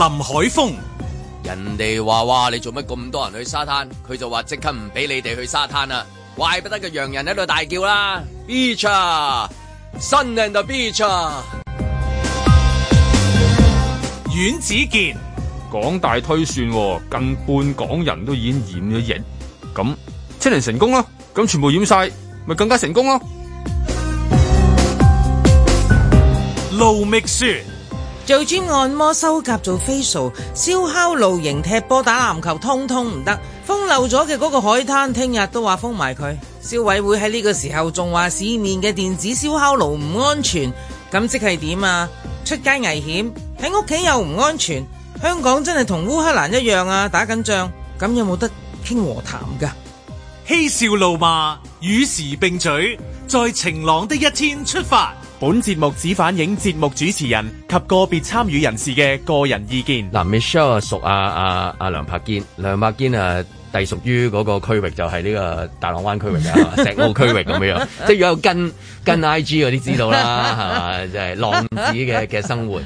林海峰，人哋話哇，你做乜咁多人去沙灘？佢就話即刻唔俾你哋去沙灘啦！怪不得個洋人喺度大叫啦！Beach，sun and the beach，啊。阮子健，港大推算，哦，近半港人都已經染咗疫，咁，清零成功咯，啊，咁全部染晒，咪更加成功咯，啊。盧覓雪。做專按摩、收甲、做 facial 燒烤、露營、踢波、打籃球，通通唔得。封漏咗嘅嗰個海灘，聽日都話封埋佢。消委會喺呢個時候仲話市面嘅電子燒烤爐唔安全，咁即係點啊？出街危險，喺屋企又唔安全。香港真係同烏克蘭一樣啊，打緊仗，咁有冇得傾和談噶？嬉笑怒罵，與時並舉，在晴朗的一天出發。本節目只反映節目主持人及個別參與人士嘅個人意見。嗱，Michelle 屬阿阿阿梁柏堅，梁柏堅啊，隸屬於嗰個區域就係呢個大浪灣區域啊， 石澳區域咁樣， 即係如果有跟跟 IG 嗰啲知道啦，係 嘛，啊，即係浪子嘅嘅生活。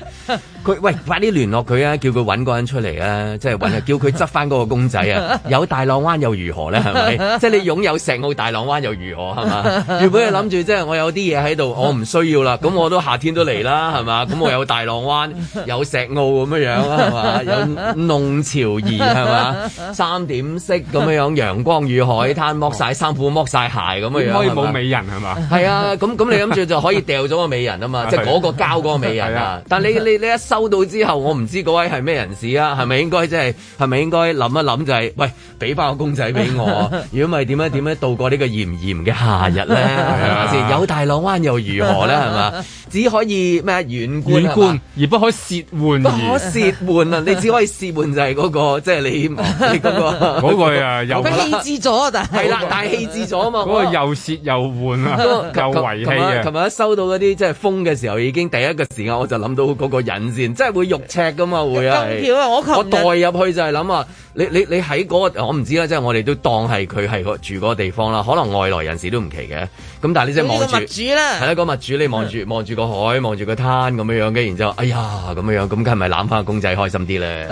佢喂，快啲聯絡佢啊！叫佢揾個人出嚟啊！即係揾，叫佢執翻嗰個公仔啊！有大浪灣又如何咧？係咪？ 即係你擁有石澳大浪灣又如何係嘛？原本你諗住即係我有啲嘢喺度，我唔需要啦，咁我都夏天都嚟啦係嘛？咁我有大浪灣，有石澳咁樣樣係嘛？有弄潮兒係嘛？三點式咁樣樣，陽光與海灘，剝晒衫褲，剝晒鞋咁樣，可以冇美人係嘛？係啊，咁咁你諗住就可以掉咗 個，個美人啊嘛！即係嗰個膠嗰個美人啊！但你你你一收到之後，我唔知嗰位係咩人士啊，係咪應該即係係咪應該諗一諗就係、是，喂，俾翻個公仔俾我，如果唔係點樣點樣度過呢個炎炎嘅夏日咧？先、 啊嗯？有大浪灣又如何咧？係嘛？只可以咩遠觀，遠觀，而不可褻玩，不可褻玩啊！你只可以褻玩就係嗰、那個，即、就、係、是、你嗰、那個嗰 個啊，又 氣置咗啊！但係係但大氣置咗啊嘛！嗰、那個又褻又玩啊， 又遺棄啊！尋日收到嗰啲即係封嘅時候，已經第一個時間我就諗到嗰個隱即係會肉赤噶嘛，會啊！我，我代入去就係諗啊～你你你喺嗰、嗰個我唔知啦，即係我哋都當係佢係住嗰個地方啦。可能外來人士都唔奇嘅，咁但係你即係望住，係啦個物主，物你望住望住個海，望住個灘咁樣樣嘅，然之後哎呀咁樣樣，咁梗係咪攬翻個公仔開心啲咧？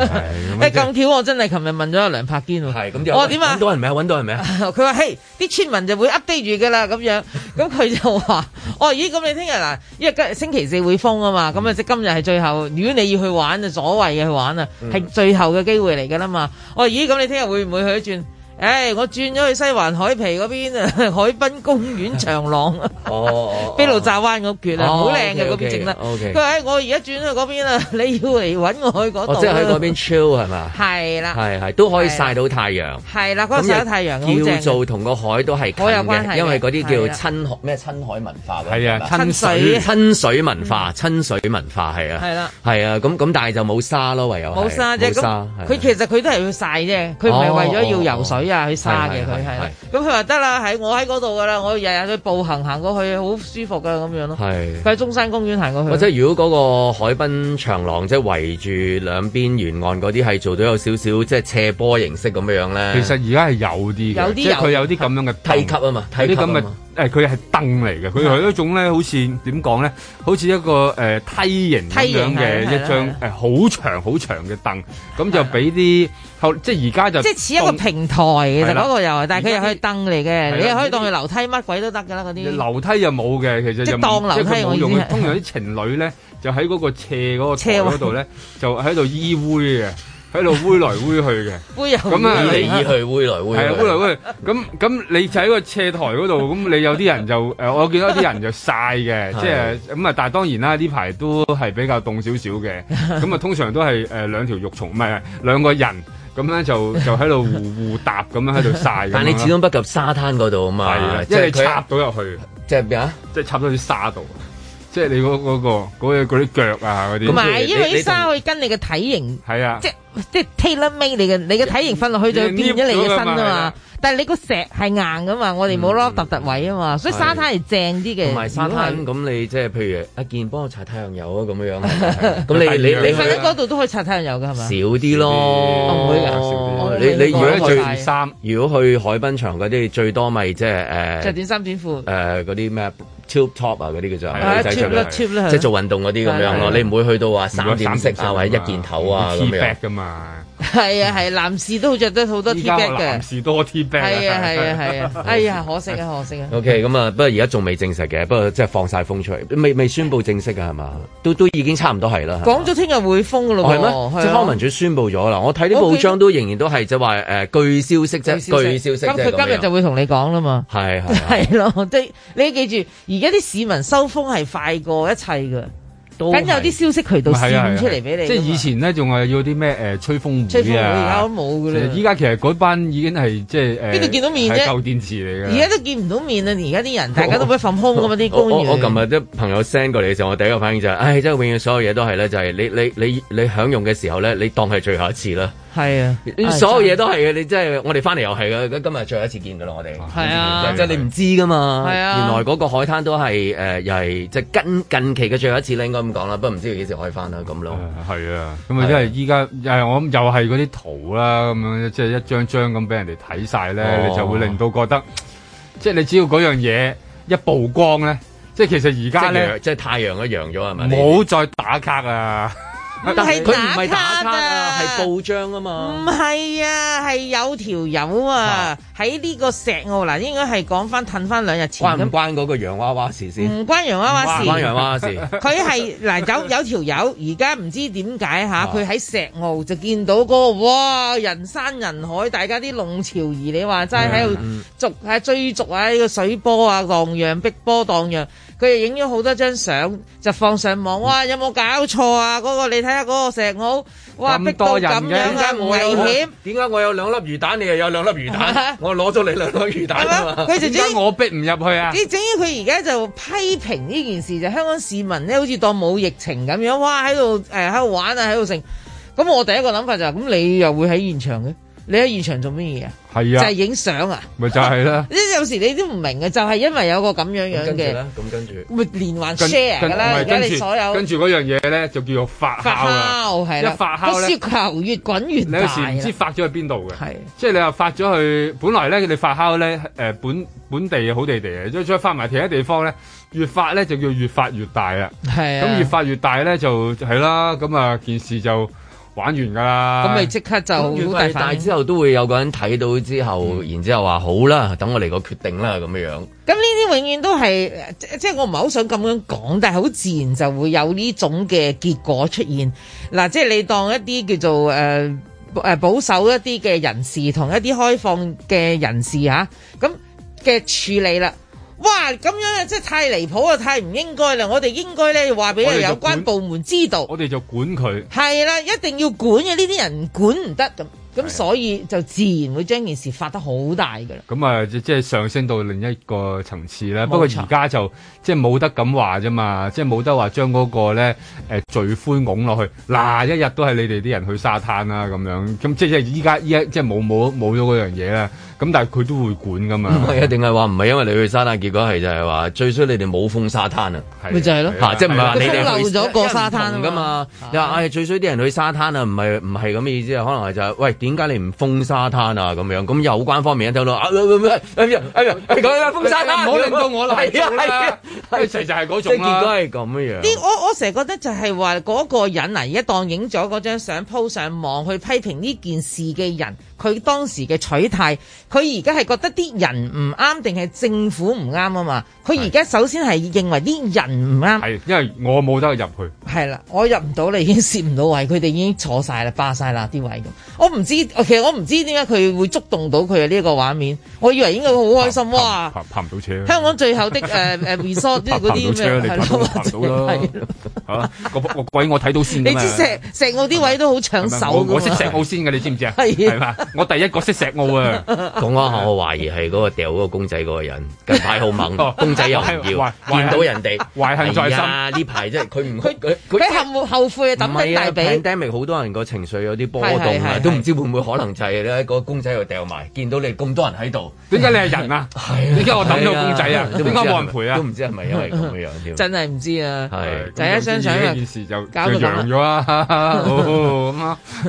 誒 咁巧，我真係琴日問咗阿梁柏堅喎。係咁就，我點啊？揾到人未啊？揾到人未啊？佢 話：嘿，啲村民就會 update 住㗎啦。咁樣咁佢 就話：哦，咦？咁你聽日嗱，因為星期四會封啊嘛，咁、嗯、啊即今日係最後。如果你要去玩就所謂嘅去玩啊，係、嗯、最後嘅機會嚟㗎啦嘛。哦，咦，咁你聽日會唔會去一轉？誒，我轉咗去西環海皮嗰邊，海濱公園長廊，卑路乍灣咁絕啊，好靚嘅嗰邊景啦。咁誒，我而家轉去嗰邊啦，你要嚟搵我去嗰度。哦，即係喺嗰邊 chill 係嘛？係啦，係係都可以曬到太陽。係啦，嗰個曬太陽嘅叫做同個海都係有關嘅，因為嗰啲叫親海咩親海文化。係啊，親水親水文化，親水文化係啊。係啦，係啊，咁咁但係就冇沙咯，唯有冇沙啫。佢其實佢都係要曬啫，佢唔係為咗要游水。佢啊去沙嘅，佢係咁佢話得啦，喺我喺嗰度噶啦，我日日去步行行過去，好舒服噶咁樣咯。佢喺中山公園行過去。或者如果嗰個海濱長廊即係圍住兩邊沿岸嗰啲係做到有少少即係斜坡形式咁樣咧？其實而家係有啲，有啲佢有啲咁樣嘅梯級啊嘛，啲咁嘅誒，佢係凳嚟嘅，佢係一種咧，好似點講咧，好似一個誒、呃、梯形梯形樣嘅一張誒好長好長嘅凳，咁就俾啲。即係而家就即係似一個平台嘅，嗰、嗰個又係，但係佢又可以登嚟嘅，你又可以當佢樓梯，乜鬼都得㗎喇嗰啲。樓梯又冇嘅，其實就即係當樓梯我覺得。通常啲情侶咧就喺嗰個斜嗰個台嗰度咧，就喺度依偎嘅，喺度偎來偎去嘅。咁啊，嚟依去偎來偎去。係啊，偎來偎去。咁 咁你就喺個斜台嗰度，咁你有啲人就誒， 我見到啲人就曬嘅，即係咁啊。但係當然啦，呢排都係比較凍少少嘅。咁 啊，通常都係誒兩條肉蟲，唔係兩個人。咁咧就就喺度互 互搭咁樣喺度曬， 但係你始終不及沙灘嗰度啊嘛，因為你插到入去，即係咩、嗰個嗰個嗰個嗰個，啊，即係插到啲沙度，即係你嗰嗰，嗰個嗰啲嗰啲腳啊嗰啲，同埋因為啲沙可以跟你嘅體型，係啊，即即係 tailor made 你嘅你嘅體型瞓落去就變咗你嘅身啊嘛、嗯嗯，但係你個石係硬噶嘛、嗯，我哋冇咯凸凸位啊嘛、嗯，所以沙灘係正啲嘅。同埋沙灘咁你即係譬如阿、啊、健幫我擦太陽油啊咁樣樣，咁 你你你瞓喺嗰度都可以擦太陽油噶係咪？少啲咯，少少你你，你如果去最三，如果去，如果去海濱場嗰啲最多咪即係誒着短衫短褲誒嗰啲咩 tube top 啊嗰啲噶咋？係即係做運動嗰啲咁樣咯，你唔會去到話三點式啊，或者一件頭啊咁係 係啊，啊，男士都好着得好多 T 恤嘅，男士多 T 恤，係啊係啊係啊，啊啊啊 哎呀可惜啊可惜啊。OK，咁、嗯、啊，不過而家仲未正式嘅，不過即係放晒風出嚟，未未宣布正式噶係嘛，是吧 都都已經差唔多係啦。講咗聽日會封噶咯，係、哦、咩、啊？即係康文署宣布咗啦、啊，我睇啲報章 okay, 都仍然都係即係話誒，據、就是呃、消息啫，據消息啫。咁佢今，今日就會同你講啦嘛，係係係咯，即係、啊、 你記住，而家啲市民收風係快過一切噶。咁有啲消息渠道傳出嚟俾你、啊啊啊，即係以前呢，仲係要啲咩誒吹風會而家都冇噶啦。依家其實嗰班已經係即係誒，邊、呃、度見到面啫？舊電視嚟嘅。而家都見唔到面啊！而家啲人大家都唔識 phone 噶嘛啲公務員我琴日啲朋友 send 過嚟嘅時候，我第一個反應就係、是，唉、哎，真係永遠所有嘢都係咧，就係、是、你你你你，你，你享用嘅時候咧，你當係最後一次啦。係啊，所有嘢都係嘅，你即係我哋翻嚟又係嘅，今日最後一次見噶啦，我哋係啊，即、啊、係、就是啊就是、你唔知噶嘛，係啊，原來嗰個海灘都係誒、呃，又係即係近期嘅最後一次咁講啦，不過唔知佢幾時可以翻啦，咁咯。係啊，咁啊，即係依家誒，我諗又係嗰啲圖啦，咁樣即係一張張咁俾人哋睇曬咧，哦、你就會令到覺得，即係你只要嗰樣嘢一曝光咧，即係其實而家咧，即係太陽都陽咗係咪？唔好再打卡啊！但係佢唔係打卡啊，係報章啊嘛。唔係啊，係有條友啊，喺、啊、呢個石澳嗱，應該係講翻褪翻兩日前。關唔關嗰個洋娃娃事先？唔關洋娃娃事。關洋娃娃事。佢係嗱有有條友，而家唔知點解吓，佢、啊、喺、啊、石澳就見到、嗰個哇人山人海，大家啲弄潮兒你話齋喺度逐係追逐呢、啊呢個水波啊，盪漾碧波盪漾。佢哋影咗好多張相就放上網，哇！有冇搞錯啊？嗰、嗰個你睇下嗰個石澳哇，逼到咁樣啊，唔危險點解我有兩粒魚蛋，你又有兩粒魚蛋？啊、我攞咗你兩粒魚蛋啊嘛！點、啊、解我逼唔入去啊？你至於佢而家就批評呢件事，就香港市民咧好似當冇疫情咁樣，哇喺度誒喺度玩啊喺度食咁。我第一個諗法就咁、是，你又會喺現場嘅？你喺現場做乜嘢啊？係啊，就係影相啊，咪就係、是、啦。即係 有時你都唔明嘅，就係、是、因為有個咁樣樣嘅。咁跟住。咪連環 share 咧，啦你所有。跟住嗰樣嘢咧，就叫做發酵啊，係啦，發酵咧，雪球越滾越大。你有時唔知發咗去邊度嘅，係即、啊就是、你又發咗去，本來咧你發酵咧、呃，本本地好地地嘅，再再發埋其他地方咧，越發咧就叫越發越大啦、啊。咁、啊、越發越大咧就係啦，咁啊件事就。玩完噶啦，咁你即刻就大，但之後都會有個人睇到之後，然之後話好啦，等我嚟個決定啦咁樣樣。咁呢啲永遠都係即係我唔係好想咁樣講，但係好自然就會有呢種嘅結果出現。嗱、啊，即係你當一啲叫做誒誒、呃、保守一啲嘅人，人士，同一啲開放嘅人士吓咁嘅處理啦。哇！咁樣啊，真係太離譜啊，太唔應該啦！我哋應該咧，話話俾有關部門知道。我哋就管佢。係啦，一定要管嘅呢啲人管，管唔得咁，咁所以就自然會將件事發得好大㗎啦。咁啊，即係上升到另一個層次啦。不過而家就即係冇得咁話啫嘛，即係冇得話將嗰、那個咧誒罪魁拱落去嗱、啊，一日都係你哋啲人去沙灘啦、啊、咁樣。咁即係依家依家即係冇冇冇咗嗰樣嘢啦。咁但係佢都會管噶嘛？唔係定係話唔係因為你去沙灘，結果係就係話最衰你哋冇封沙灘啊！咪就係咯，即係唔係話你哋咗過沙灘噶嘛？你話最衰啲人去沙灘啊，唔係唔係咁嘅意思，可能係就係喂，點解你唔封沙灘啊咁樣？咁有關方面一聽到啊，咁唔哎呀封沙灘，唔好令到我啦，係係、啊啊 啊、就係嗰種結果係咁嘅樣，啲我我成日覺得就係話嗰個人啊，而家當影咗嗰張相 po 上網去批評呢件事嘅人，佢當時嘅取態。佢而家係覺得啲人唔啱定係政府唔啱啊嘛！佢而家首先係認為啲人唔啱。係因為我冇得入去。係啦，我入唔到，你已經攝唔到位，佢哋已經坐晒啦，霸晒啦啲位。我唔知，其實我唔知點解佢會觸動到佢呢一個畫面。我以為應該會好開心哇！爬唔到車。香港最後的誒誒、 uh, resort 啲嗰啲係咯。爬唔到啦。鬼、 啊、我睇到先。你知石石澳啲位都好搶手。我我識石澳先嘅，你知唔知啊？係啊。我第一個識石澳啊！ 講下，我懷疑係嗰個掉嗰個公仔嗰個人，近排好猛、哦，公仔又唔要，見到人哋懷恨在心。呢排即係佢唔佢佢，佢後後悔抌低大髀。好、啊、多人個情緒有啲波動，是是是是是都唔知會唔會可能就係、是、咧、呢個公仔又掉埋，見到你咁多人喺度，點解你係人啊？點解、啊啊、我抌咗公仔啊？點解冇人陪啊？都唔知係咪因為咁嘅樣？真係唔知啊！就一相信件事就釀咗咁啊，咁、 哦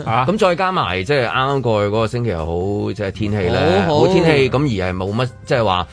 啊、再加埋即係啱啱過去嗰個星期又好，即、就、係、是、天氣咧。天氣好天氣咁而係冇乜，即係話，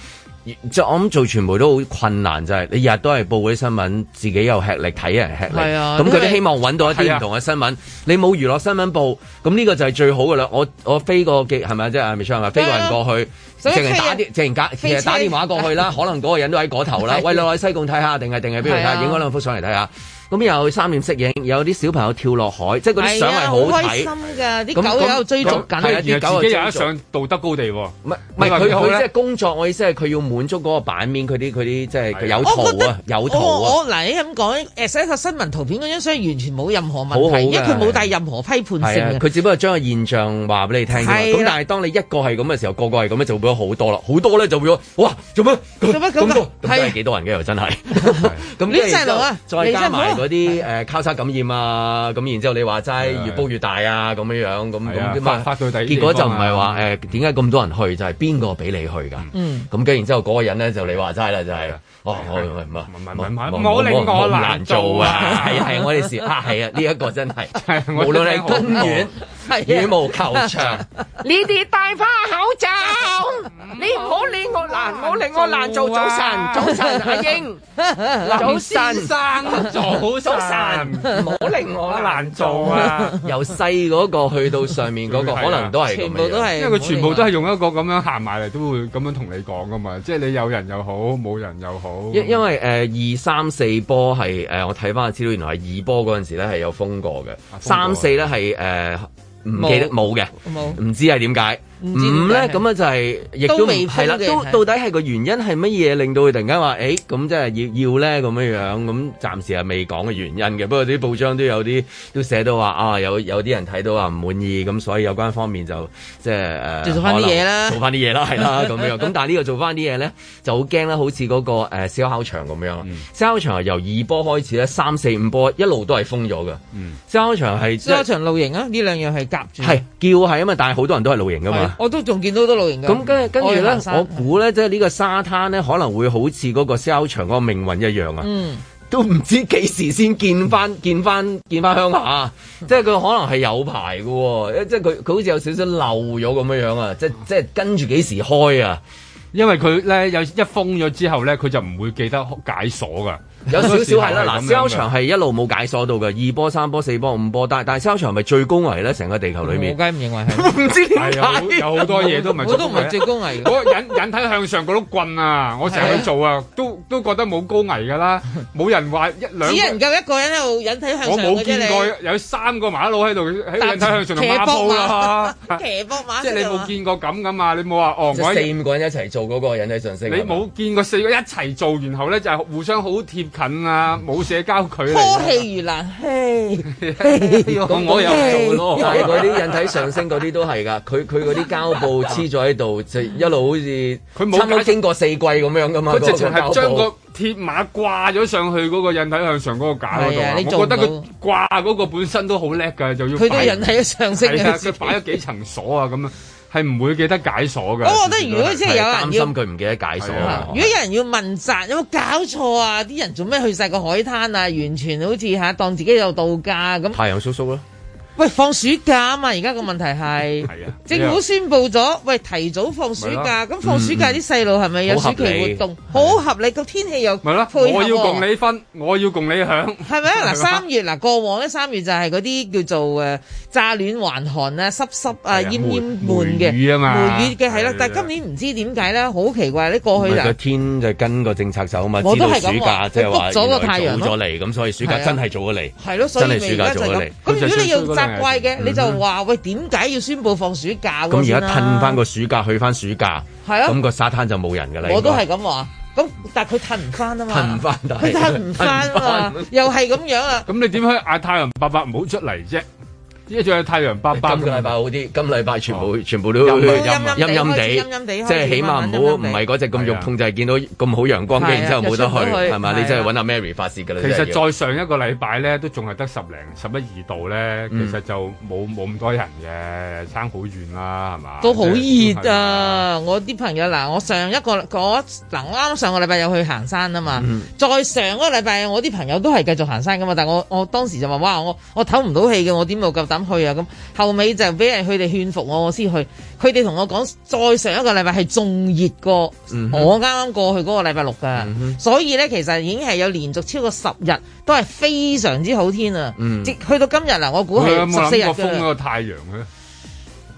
即係我諗做傳媒都好困難，就係、是、你日日都係報嗰啲新聞，自己又吃力，睇人吃力，係啊。咁佢都希望揾到一啲唔同嘅新聞、啊。你冇娛樂新聞報，咁呢、啊、個就係最好噶啦。我我飛個記係咪即係阿 Michelle 飛個人過去，淨係、啊、打啲，淨係、啊、打電話過去啦、啊啊。可能嗰個人都喺嗰頭啦。喂，你位西貢睇下，定係定係邊度睇？影嗰兩幅相嚟睇下。咁有三面色影，有啲小朋友跳落海，即係嗰啲相係好睇。開心噶，啲狗又喺度追逐緊，啲狗有上道德高地喎。唔係唔係，佢佢即係工作。我意思係佢要滿足嗰個版面，佢啲佢啲即係有圖啊，啊，有圖啊。我嗱、啊、你咁講，寫一個新聞圖片嗰張相完全冇任何問題，好好因為佢冇帶任何批判性。佢、啊啊、只不過將個現象話俾你聽。咁、啊啊、但係當你一個係咁嘅時候，一個一個係咁咧，就會好多啦。好、啊、多咧就會哇，做乜咁多？係幾多人嘅又真係？咁呢？細路啊，再加埋。嗰啲、呃、交叉感染啊，咁然之後你話齋越煲越大啊，咁樣樣咁咁啲，結果就唔係話呃點解咁多人去就係邊個俾你去㗎？嗯，咁跟然之後嗰個人咧就你話齋啦，就係。哦，我唔唔啊，唔唔唔唔，我令我難做啊！係啊係啊，我哋是啊係啊，呢一個真係，無論係公園羽毛球場，你哋戴翻口罩，你唔好理我難，唔好令我難做。早晨，早晨，阿英，早晨，早晨，唔好令我難做啊！由細嗰個去到上面嗰個，可能都係全部都係，因為佢全部都係用一個咁樣行埋嚟，都會咁樣同你講噶嘛。即係你有人又好，冇人又好。因因為誒、呃、二三四波係誒、呃、我睇翻資料，原來係二波嗰陣時咧係有封過嘅，啊，三四咧係誒唔記得冇嘅，冇唔知係點解。唔咧咁啊，嗯、就係亦都未係啦。都，都到底係個原因係乜嘢令到佢突然間話誒咁，即、欸、係要要咧咁樣樣咁，暫時係未講嘅原因嘅。不過啲報章都有啲都寫到話啊，有有啲人睇到話唔滿意咁，所以有關方面就即係誒做翻啲嘢啦，做翻啲嘢啦，係 啦咁樣。咁但係呢個做翻啲嘢咧就好驚啦，好似嗰個誒燒烤場咁樣咯、嗯。燒烤場係由二波開始咧，三四五波一路都係封咗嘅、嗯。燒烤場係燒烤場露營啊，呢兩樣係夾住係叫係因為嘛，但係好多人都係露營㗎嘛。我都仲見到好多露營咁跟住，跟住咧、哦，我估咧，即係呢個沙灘咧，可能會好似嗰個燒場嗰個命運一樣啊！嗯、都唔知幾時先見翻、見翻、見翻鄉下。即係佢可能係有排喎、啊，即係佢佢好似有少少漏咗咁樣樣啊！即即係跟住幾時開啊？因為佢咧有一封咗之後咧，佢就唔會記得解鎖㗎。有少少係啦，嗱，商場係一路冇解鎖到嘅，二波、三波、四波、五波，但但係商場咪最高危咧？成個地球裏面，我梗唔認為係。唔 知點解 有好多嘢都唔係最高危。我都唔係最高危。嗰 引引體向上嗰碌棍啊，我成日去做啊，啊都都覺得冇高危噶啦，冇 人話一兩隻人夠一個人喺度引體向上。我冇見過有三個馬佬喺度喺引體向上做下鋪啦、啊。騎 膊波馬，即 係你冇見過咁噶嘛？ 你冇話哦。即、就、係、是、四五個人一齊做嗰個引體上升。你冇見過四個一齊做，然後咧就互相好貼。近啊，冇社交距離啊。科技越難欺，我又做咯，係嗰啲引體上升嗰啲都係噶，佢佢嗰啲膠布黐咗喺度， 就一路好似，佢冇差唔多經過四季咁樣噶嘛。佢、嗰個、直情係將個鐵馬掛咗上去嗰個引體向上嗰個架度、啊。你我覺得佢掛嗰個本身都好叻噶，就要佢啲引體上升佢擺咗幾層鎖啊咁啊。係唔會記得解鎖㗎、哦。我覺得如果真係有人要擔心佢唔記得解鎖，如果有人要問責有冇搞錯啊？啲人做咩去晒個海灘啊？完全好似嚇當自己有度假咁。太陽叔叔啦。喂，放暑假啊嘛！而家個問題係政府宣布咗，喂，提早放暑假，咁放暑假啲細路係咪有暑期活動？好合理，個天氣又配合。我要共你分，我要共你享。係咪啊？嗱，三月嗱，過往咧三月就係嗰啲叫做誒乍暖還寒啊，濕濕啊，悶悶悶嘅。梅雨啊嘛，梅雨嘅係啦，但係今年唔知點解咧，好奇怪！你過去就個天就跟個政策走啊嘛，節假即係話復咗個太陽咗嚟，咁所以暑假真係早咗嚟，係咯，所以真係暑假早咗嚟。咁如果你要怪嘅，你就話喂，點解要宣布放暑假？咁而家褪翻個暑假去翻暑假，係啊，咁個沙灘就冇人噶啦。我都係咁話，咁但係佢褪唔翻啊嘛，褪唔翻，佢褪唔翻啊嘛，又係咁樣啊。咁 你點解嗌太陽伯伯唔好出嚟啫？一仲有太陽巴，巴今個禮拜好啲，今禮拜全部、哦、全部都會陰陰陰地，即係起碼唔好唔係嗰隻咁肉痛，啊、就係、是、見到咁好陽光嘅、啊，然之後冇得去，係嘛、啊啊？你真係揾阿 Mary 發泄㗎啦。其實再上一個禮拜咧，都仲係得十零十一二度咧、嗯，其實就冇冇咁多人嘅，差好遠啦、啊，係嘛？都好熱啊！就是、是啊我啲朋友嗱，我上一個嗰嗱，我啱上個禮拜有去行山啊嘛。再、嗯、上個個禮拜，我啲朋友都係繼續行山㗎嘛。但係我我當時就話：哇！我我唞唔到氣嘅，我點冇夠膽。去啊！咁後尾就俾人佢哋勸服我，我先去。佢哋同我講，再上一個禮拜係仲熱過我啱啱過去嗰個禮拜六啊、嗯！所以咧，其實已經係有連續超過十日都係非常之好天啊、嗯、即去到今日啊，我估係十四日。封個太陽咧，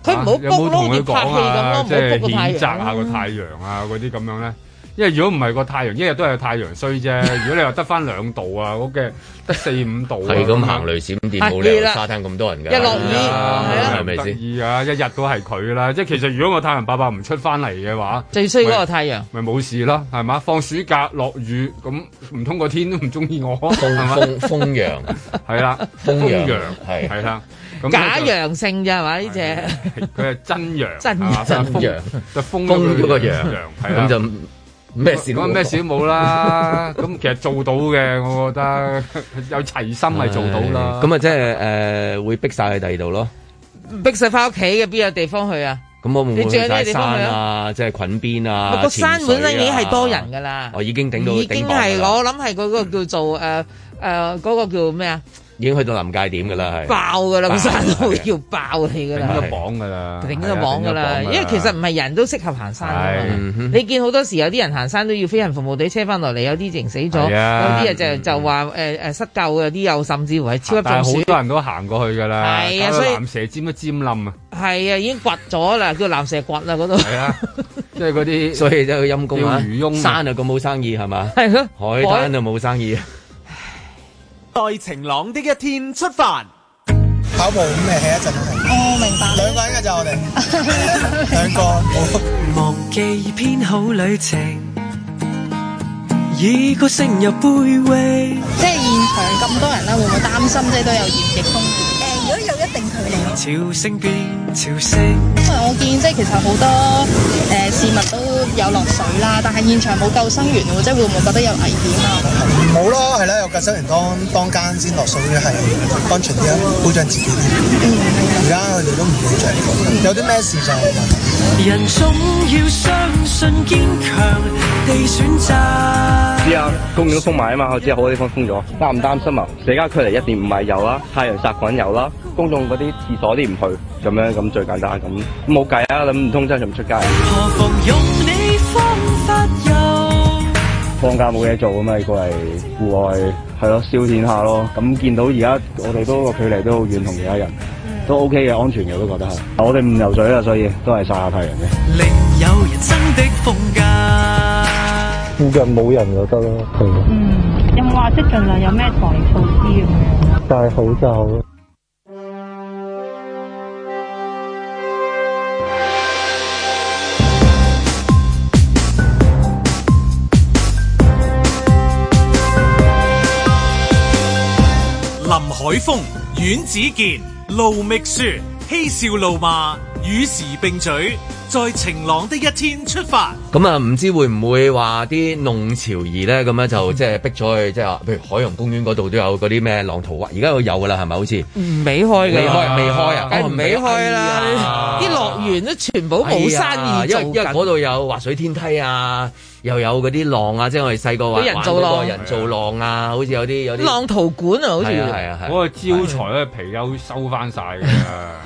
佢冇有冇同佢講啊？即係譴責下個太陽啊，嗰啲咁樣咧。因為如果唔係個太陽，一日都係太陽衰啫。如果你話得翻兩度啊，嗰嘅得四五度，係 咁行雷閃電冇理由沙灘咁多人噶，一落雨係咪啊，得意啊，一日都係佢啦。即係其實如果個太陽伯伯唔出翻嚟嘅話，最衰嗰個太陽咪冇事咯，係嘛？放暑假落雨咁，唔通個天都唔中意我？封封陽係啦，封陽係係啦，假陽性啫係嘛？呢隻佢係真陽，真真陽就封了封咗個陽，係咁 就。咩事？講咩事都冇啦。 咁其實做到嘅，我覺得有齊心係做到啦。咁啊，即係誒會逼晒喺第二度咯。逼晒翻屋企嘅，邊有地方去啊？咁我唔會，會山，啊。你喺有咩地方去啊？即係裙邊啊！個、啊、山本身已經係多人㗎啦。哦，已經頂到已經係我諗係嗰個叫做誒誒嗰個叫咩啊？已經去到臨界點噶啦，係爆噶啦，個山都會叫爆氣噶啦，頂到綁噶啦，頂到綁噶啦，因為其實唔係人都適合行山，嗯，你見好多時候有啲人行山都要飛行服務隊車翻落嚟，有啲直情死咗，有啲啊就就話誒誒失救啊，有啲又甚至乎係超級中暑，啊，好多人都行過去噶啦，所以藍蛇尖都尖冧啊，係啊，已經掘咗啦，叫做藍蛇掘啦嗰度，係啊，即係嗰啲，就是， 所以就去陰功啊，山啊咁冇生意係嘛？海灘就冇生意。 在晴朗的一天出發，跑步咁嚟起一陣。我明白，兩個人嘅就我哋，兩個。忘記編好旅程，以歌聲入背影。即係現場咁多人咧，會唔會擔心？即係都有疫情風險。因為我見即係其實好多誒市民都有落水啦，但係現場冇救生員喎，即係會唔會覺得有危險啊？唔好咯，係啦、嗯嗯，有救生員當當間先落水係安全啲咯，保障自己。而家佢哋都唔保障呢個，有啲咩事就人總要相信堅強地選擇。是啊，公園封埋啊嘛，我知道好多地方封咗，擔唔擔心啊？社交距離一邊唔係有啦，太陽殺菌有啦，公眾嗰啲自躲啲唔去咁樣咁最簡單咁冇計啊！諗唔通真係仲唔出街啊！放假冇嘢做咁咪過嚟戶外係咯，消遣下咯。咁見到而家我哋都個距離都好遠同其他人，都 OK 嘅，安全嘅我都覺得係。我哋唔游水啦，所以都係曬下太陽嘅。附近冇人就得咯。嗯，有冇話即係儘量有咩措施咁樣？戴口罩咯。林海峰、阮子健、盧覓雪，嬉笑怒罵，與時並舉，在晴朗的一天出發。咁、嗯、啊，唔知會唔會話啲弄潮兒咧，咁樣就即係逼咗去，即係話，譬如海洋公園嗰度都有嗰啲咩浪淘啊，而家都有噶啦，係咪？好似未開㗎！未開、啊、未開啊！梗未開啦，啲樂園都全部冇生意，因為嗰度有滑水天梯啊。又有嗰啲浪啊！即係我哋細個玩嗰個人造浪啊，浪好似有啲有啲浪淘館啊，好似係啊！嗰、啊啊啊那個招財咧皮又收翻晒嘅，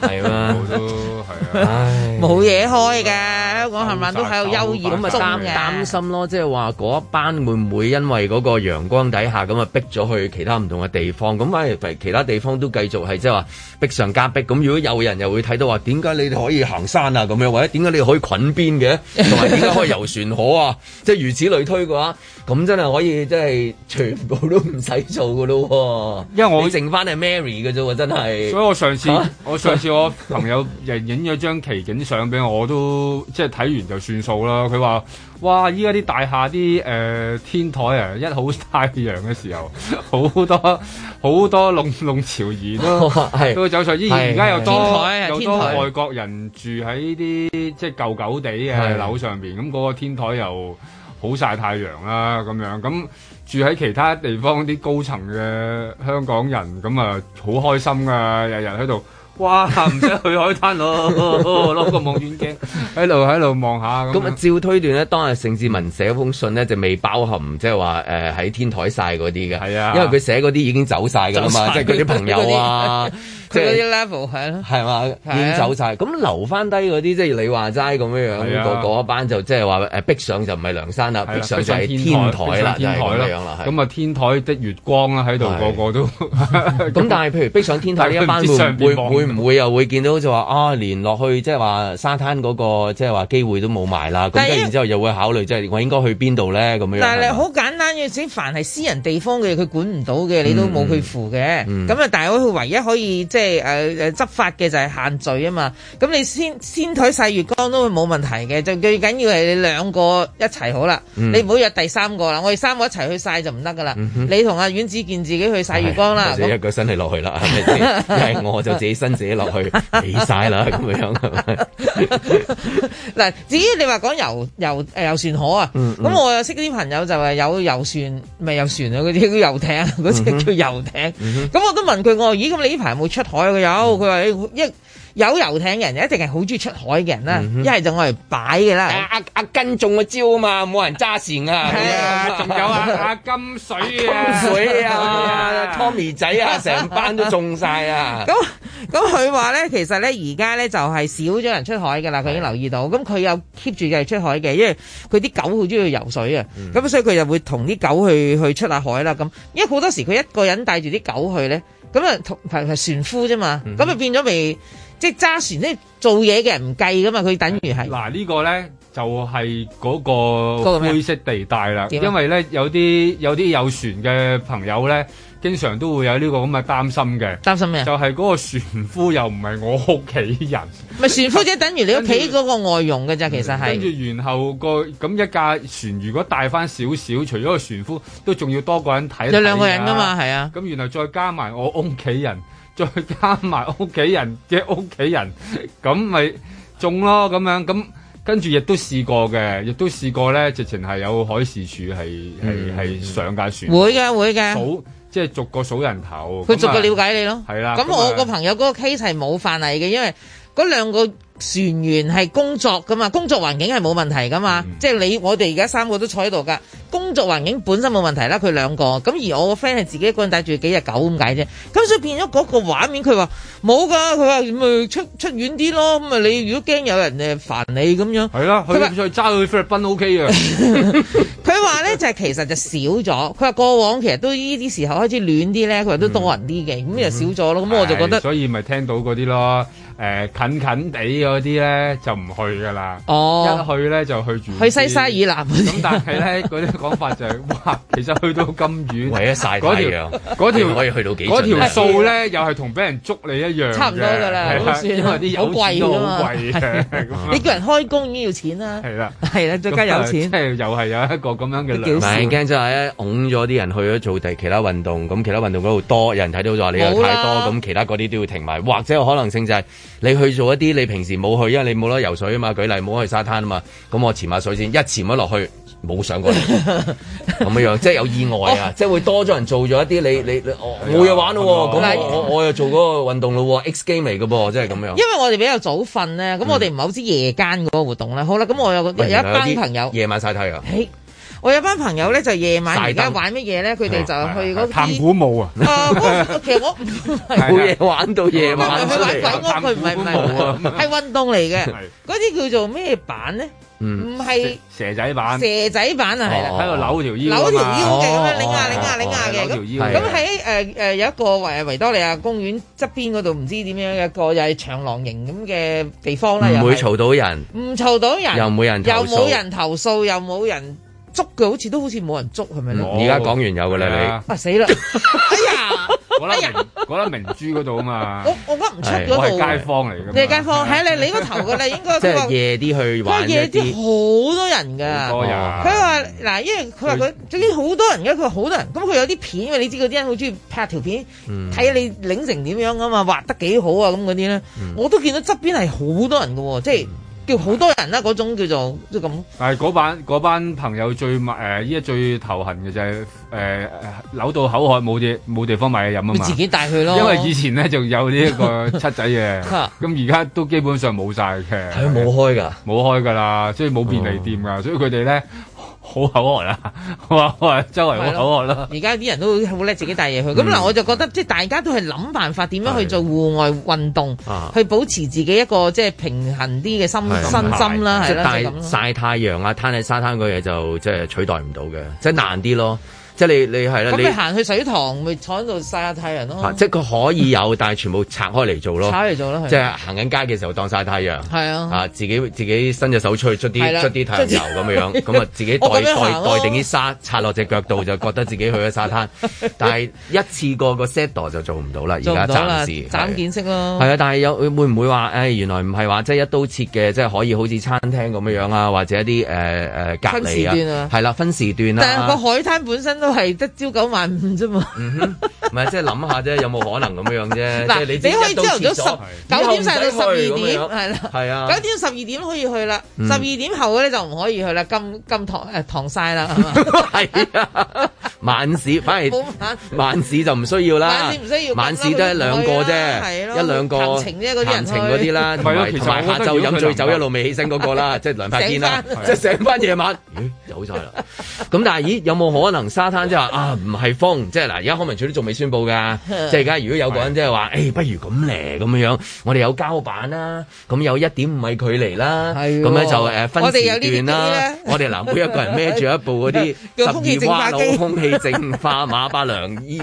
係 啦、啊，都係、啊、唉，冇嘢開嘅，我冚唪唥都喺度休業，咁咪擔擔心咯，即係話嗰一班會唔會因為嗰個陽光底下咁啊逼咗去其他唔同嘅地方？咁例如其他地方都繼續係即係話逼上加逼，咁如果有人又會睇到話，點解你哋可以行山啊？咁樣或者點解你可以捆邊嘅？同埋點解可以遊船河啊？ 即係如此類推嘅話，咁真係可以，即係全部都唔使做嘅咯。因為我剩返係 Mary 嘅啫喎，真係。所以我上次、What? 我上次我朋友人影咗張奇景相俾我，我都即係睇完就算數啦。佢話。哇！依家啲大廈啲誒天台啊，一好太陽嘅時候，好多好多弄弄潮兒都都 走上依而家又多又多外國人住喺啲即係舊舊地嘅樓上面，咁嗰、嗰個天台又好曬太陽啦咁樣，咁住喺其他地方啲高層嘅香港人咁啊，好開心啊，日日喺度。哇！唔使去海灘咯，攞個望遠鏡喺度喺度望下。咁 啊，照推斷咧，當日盛志文寫封信咧，就未包含即係話誒喺天台晒嗰啲嘅。係啊，因為佢寫嗰啲已經走晒㗎啦嘛，即係佢啲朋友啊。 嗰、就、啲、是、level 係咯，係嘛，啊、走晒，咁留翻低嗰啲，即、就、係、是、你話齋咁樣嗰個嗰一班就即係話逼上就唔係梁山啦，逼、啊、上係天台啦，天台啦，咁啊天、就是、天台的月光啦喺度，個個都咁。 但係譬如逼上天台呢一班會唔會唔會又會見到就話啊，連落去即係話沙灘嗰個即係話機會都冇埋啦。咁然之後又會考慮即係我應該去邊度咧咁樣。嗱，你好簡單嘅，只凡係私人地方嘅佢管唔到嘅，你都冇去扶嘅。咁、嗯、啊、嗯，但係佢唯一可以即係。就是誒、啊、誒，執法嘅就係限聚啊嘛，咁你先先退晒月光都會冇問題嘅，就最緊要係你兩個一齊好啦、嗯，你唔好約第三個啦，我哋三個一齊去晒就唔得噶啦，你同阿阮子健自己去晒月光啦，我自己一個身去落去啦，係咪先？係係 我就自己身自己落去， 起晒啦咁樣樣。嗱，至 於你話講遊遊誒遊船河啊，咁、嗯嗯、我又識啲朋友就係有遊船，咪遊船啊，嗰啲叫遊艇，嗰、嗯、隻、那個、叫遊艇。咁、嗯嗯、我都問佢我，咦咁你呢排冇出？海佢有，佢話一有遊艇嘅人一定係好中意出海嘅人啦。一、嗯、係就攞嚟擺嘅啦。阿、啊、阿、啊、根中個招啊嘛，冇人揸船啊。係 啊，仲有阿、啊、阿、啊、金水啊，Tommy、 啊啊啊啊啊啊、仔啊，成班都中晒啊。咁咁佢話咧，其實咧而家咧就係少咗人出海㗎喇。佢已經留意到。咁佢又 keep 住就係出海嘅，因為佢啲狗好中意游水啊。咁、嗯、所以佢就會同啲狗去去出下海啦。咁因為好多時佢一個人帶住啲狗去咧。咁、就是就是、啊，同係係船夫啫嘛，咁啊變咗未，即係揸船即係做嘢嘅人唔計噶嘛，佢等於係嗱呢個咧就係、是、嗰個灰色地帶啦、那個，因為咧有啲有啲有船嘅朋友咧。經常都會有呢個咁嘅擔心嘅，擔心咩？就係嗰個船夫又唔係我屋企人，唔係船夫，即係等於你屋企嗰個外傭嘅咋。其實係跟住，然後個咁一架船，如果帶翻少少，除咗個船夫，都仲要多個人睇，有兩個人㗎嘛，係啊。咁然後再加埋我屋企人，再加埋屋企人嘅屋企人，咁咪中咯咁樣。咁跟住亦都試過嘅，亦都試過咧，直情係有海事處係係係上架船，會嘅，會嘅。好。即係逐個數人頭，佢逐個了解你咯。係、嗯、啦，咁、嗯、我個朋友嗰個 case 係冇犯例嘅，因為。嗰兩個船員係工作噶嘛，工作環境係冇問題噶嘛，嗯、即係你我哋而家三個都坐喺度噶，工作環境本身冇問題啦。佢兩個咁，而我個 friend 係自己一個人帶住幾隻狗咁解啫。咁所以變咗嗰個畫面，佢話冇噶，佢話咪出出遠啲咯。咁啊，你如果驚有人誒煩你咁樣，係啦，佢再揸去菲律賓 OK 啊，佢話咧就係、是、其實就少咗。佢話過往其實都呢啲時候開始暖啲咧，佢話都多人啲嘅，咁、嗯、又少咗咯。咁、嗯嗯、我就覺得，所以咪聽到嗰啲咯。誒近近地嗰啲咧就唔去㗎啦，oh. 一去咧就去住去西沙以南。咁但係咧嗰啲講法就係、是， 哇！其實去到咁遠，為咗晒太陽，嗰條， 條可以去到幾？嗰條數咧又係同俾人捉你一樣，差唔多㗎啦。好算因為有貴，好貴嘅 。你叫人開工已經要錢啦、啊，係啦，係 啦是的，更 加有錢。即係又係有一個咁樣嘅，唔係驚就係㧬咗啲人去咗做第其他運動，咁 其他運動嗰度多人睇到就話你又太多，咁、啊、其他嗰啲都要停埋，或者有可能性就係、是。你去做一啲你平時冇去，因為你冇得游水啊嘛，舉例冇去沙灘啊嘛，咁我潛下水先，一潛咗落去冇上過嚟，咁 樣即係有意外啊，哦、即係會多咗人做咗一啲你你,你、哦哦哎、我冇嘢玩咯喎，咁、哎、我、哎、我又、哎、做嗰個運動咯喎、哦、，X game 嚟嘅噃，即係咁樣。因為我哋比較早瞓咧，咁我哋唔係好知夜間嗰個活動啦，好啦，咁我有有一班朋友夜晚晒太陽。我有班朋友咧，就夜晚而家玩乜嘢咧？佢哋就去嗰啲探古墓啊！啊，其實我冇嘢玩到夜晚嘛。佢唔係唔係，係運動嚟嘅。嗰啲叫做咩板咧？唔係蛇仔板。蛇仔板啊，係啦，喺度扭條腰嘅，扭條腰嘅，擰下擰下擰下嘅。扭條腰咁，喺誒誒有一個維維多利亞公園側邊嗰度，唔知點樣一個又係長廊型咁嘅地方咧，唔會嘈到人，唔嘈到人，又冇人投訴，又冇人。捉嘅好似都好似冇人捉，係咪？而家講完有㗎啦，你 啊死啦！ 哎呀，哎 呀， 嗰粒明珠嗰度啊嘛！我我搵唔出嗰度，街坊嚟嘅。你街坊，喺 你你個頭嘅咧，應該即夜啲去玩一啲。夜啲好多人㗎，多人。佢話嗱，因為佢話佢總之好多人㗎，佢話好多人。咁佢有啲片啊，你知嗰啲人好中意拍條片，睇、嗯、你整成點樣㗎嘛，畫得幾好啊咁嗰啲咧。我都見到側邊係好多人㗎喎，即、就、係、是。嗯叫好多人啦，啊，嗰種叫做即係咁，係嗰、啊、班嗰班朋友最誒依家最頭痕嘅就係、是、誒、呃、扭到口渴冇嘢冇地方買嘢飲啊嘛。自己帶去咯。因為以前咧就有呢一個七仔嘅，咁而家都基本上冇晒嘅。係 冇開㗎，冇開㗎啦，所以冇便利店㗎，哦，所以佢哋咧。好口渴啦，好啊，周圍好口渴啦。而家啲人都好叻，自己帶嘢去。咁、嗯、嗱，我就覺得即係大家都係諗辦法點樣去做戶外運動、啊，去保持自己一個即係平衡啲嘅心身心啦，係啦、就是。曬太陽啊，攤喺沙灘嗰嘢就即係取代唔到嘅，即係難啲咯。即係你你係啦，你行去水塘咪坐喺度曬下太陽咯、啊。即係佢可以有，但係全部拆開嚟做咯。嚟 做咯，即係行緊街嘅時候當曬太陽。係啊，啊自己自己伸隻手出去捽啲捽啲太陽油咁 樣，咁啊自己代、 啊、袋定啲沙擦落隻腳度就覺得自己去咗沙灘。 但係一次過、個 set 就做唔到啦，而 家暫時。斬件式咯。係啊，但係有會唔會話，唉、哎，原來唔係話即係一刀切嘅，即係可以好似餐廳咁樣樣啊，或者一啲誒誒隔離啊。係啦、啊，分時段啦、啊。但係個海灘本身都係得朝九晚五啫嘛，唔係即係諗下啫，有冇可能咁樣啫？ 你可以朝頭早十九點晒到十二點，係啦，係啊，九點到十二點可以去啦，十、嗯、二點後咧就唔可以去啦，咁，咁，糖誒糖曬啦，係啊， 晚市反而，晚市就唔需要啦，晚市唔需要，晚市得一兩個啫，一兩個人情啫，嗰啲人去，係啊， 其實我下晝飲醉酒一路未起身嗰、那個啦，即係兩塊天啦，即係成班夜、就是、晚， 咦，走曬啦，咁但係咦，有冇可能即係話啊，唔係風，即係嗱，而家康文署都仲未宣佈㗎。即係而家如果有個人即係話，誒、欸、不如咁嚟，咁樣我哋有膠板啦、啊，咁有一點五米距離啦、啊，咁咧就誒分時段啦、啊。我哋南 每一個人孭住一部嗰啲十二瓦魯空氣淨化馬八娘伊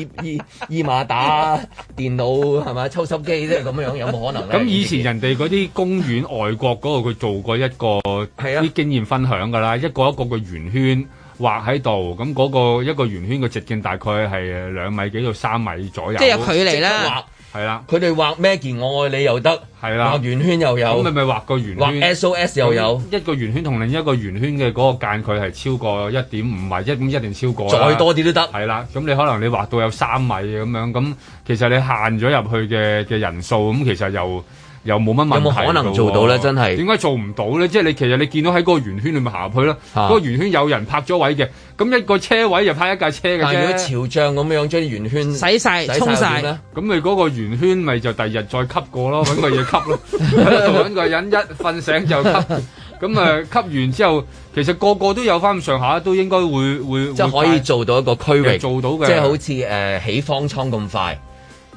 馬 馬打電腦係咪？抽濕機咧咁、就是、樣樣有冇可能咧？咁以前人哋嗰啲公園外國嗰個佢做過一個啲經驗分享㗎啦，一個一個個圓圈,圈。畫喺度，咁、那、嗰個一個圓圈嘅直徑大概係兩米幾到三米左右，即係距離啦。係啦，佢哋畫咩件我愛你又得，係啦，畫圓圈又有，咁咪咪畫個圓。畫 S O S 又有，一個圓圈同另一個圓圈嘅嗰個間距係超過一點五米，係一點一定超過，再多啲都得。係啦，咁你可能你畫到有三米咁樣，咁其實你限咗入去嘅嘅人數，咁其實又。又冇乜問題，有冇可能做到咧？真係點解做唔到咧？即係你其實你見到喺嗰個圓圈裏面行入去啦，嗰、啊那個圓圈有人拍咗位嘅，咁一個車位就泊一架車嘅啫。嗱，如果潮漲咁樣將圓圈洗晒。沖晒咧，咁你嗰個圓圈咪就第二日再吸過咯，揾、那個嘢吸咯，揾 個人一瞓醒就吸。咁啊，吸完之後，其實個個都有翻咁上下，都應該會會即可以做到一個區域做到嘅，即係好似誒、呃、起方艙咁快。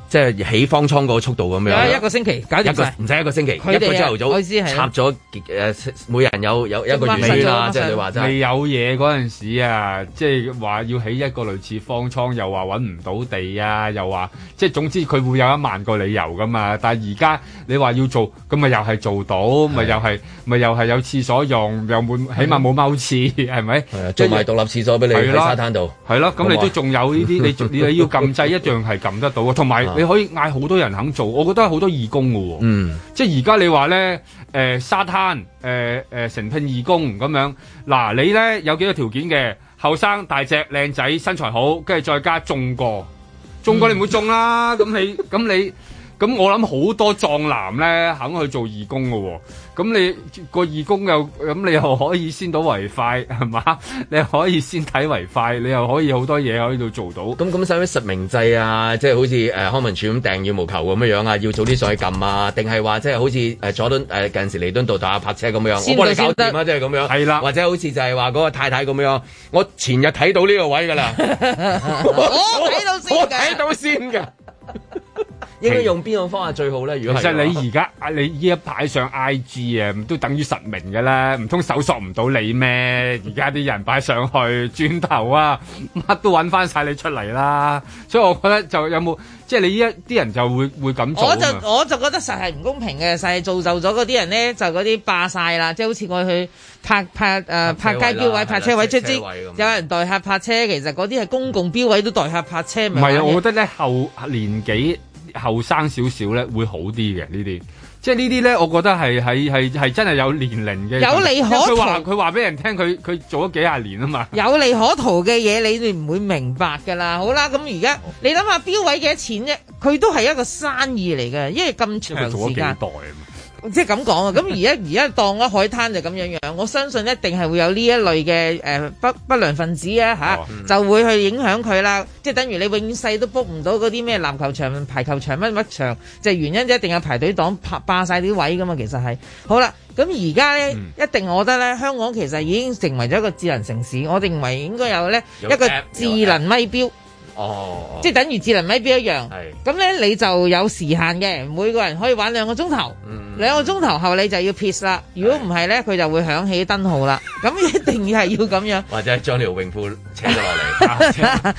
即係起方艙個速度咁樣，一個星期，搞掂唔使一個星期。佢哋朝頭早插咗誒，每人有有一個月啦，即係你話真係未有嘢嗰陣時啊！即係話要起一個類似方艙，又話揾唔到地啊，又話即係總之佢會有一萬個理由㗎嘛。但係而家你話要做，咁咪又係做到，咪又係咪又係有廁所用，又冇起碼冇踎廁係咪？做埋獨立廁所俾你喺沙灘度。係囉，咁你都仲有呢啲，你你要撳掣一樣係撳得到，同埋。你可以嗌好多人肯做，我覺得好多義工嘅喎、哦。嗯，即係而家你話咧，誒、呃、沙灘，誒、呃呃、誠聘義工咁樣。嗱，你咧有幾個條件嘅，後生、大隻、靚仔、身材好，跟住再加種過，種過你唔會種啦。咁、嗯、你咁你咁，我諗好多壯男咧肯去做義工嘅喎、哦。咁你個義工又咁你又可以先到為快係嘛？你可以先睇為快，你又可以好多嘢喺度做到。咁咁使唔使實名制啊？即係好似誒康文署咁掟羽毛球咁樣樣啊？要早啲上去撳啊？定係話即係好似誒佐敦誒近時彌敦道打下泊車咁樣？先到先得啊！我幫你搞掂啊！即係咁樣。係啦，或者好似就係話嗰個太太咁樣，我前日睇到呢個位㗎啦， 我睇到先我睇到先㗎。 應該用邊個方法最好咧？如果其實你而家啊，你依一擺上 I G 啊，都等於實名嘅啦，唔通搜索唔到你咩？而家啲人擺上去轉頭啊，乜都搵翻晒你出嚟啦。所以，我覺得就有冇即係你依家啲人就會會咁做。我就我就覺得實係唔公平嘅，實係造就咗嗰啲人咧，就嗰啲霸晒啦。即係好似我去拍拍誒、呃、拍街標位,位、拍車位,車車位出先，有人代客拍車，嗯、其實嗰啲係公共標位都代客拍車唔係啊。我覺得咧後年幾。嗯後生少少咧會好啲嘅，呢啲，即係呢啲咧，我覺得係係係係真係有年齡嘅有利可圖，佢話佢話俾人聽，佢佢做咗幾廿年啊嘛，有利可圖嘅嘢你哋唔會明白㗎啦。好啦，咁而家你諗下標位幾多錢啫？佢都係一個生意嚟嘅，因為咁長時間，係做咗幾代啊嘛。 即係咁講啊！咁而家而家當咗海灘就咁樣樣，我相信一定係會有呢一類嘅誒不不良分子啊、oh, um. 就會去影響佢啦。即係等於你永世都 book 唔到嗰啲咩籃球場、排球場乜乜場，就係、原因就一定有排隊黨霸霸晒啲位㗎嘛。其實係好啦，咁而家呢，um. 一定我覺得呢，香港其實已經成為咗一個智能城市。我認為應該有呢一個智能咪錶。哦，即係等於智能咪表一樣，咁咧你就有時限嘅，每個人可以玩兩個鐘頭，兩、嗯、個鐘頭後你就要 piss 啦。如果唔係咧，佢就會響起燈號啦。咁 一定要係要咁樣，或者係將條泳褲扯咗落嚟，係 啦、啊，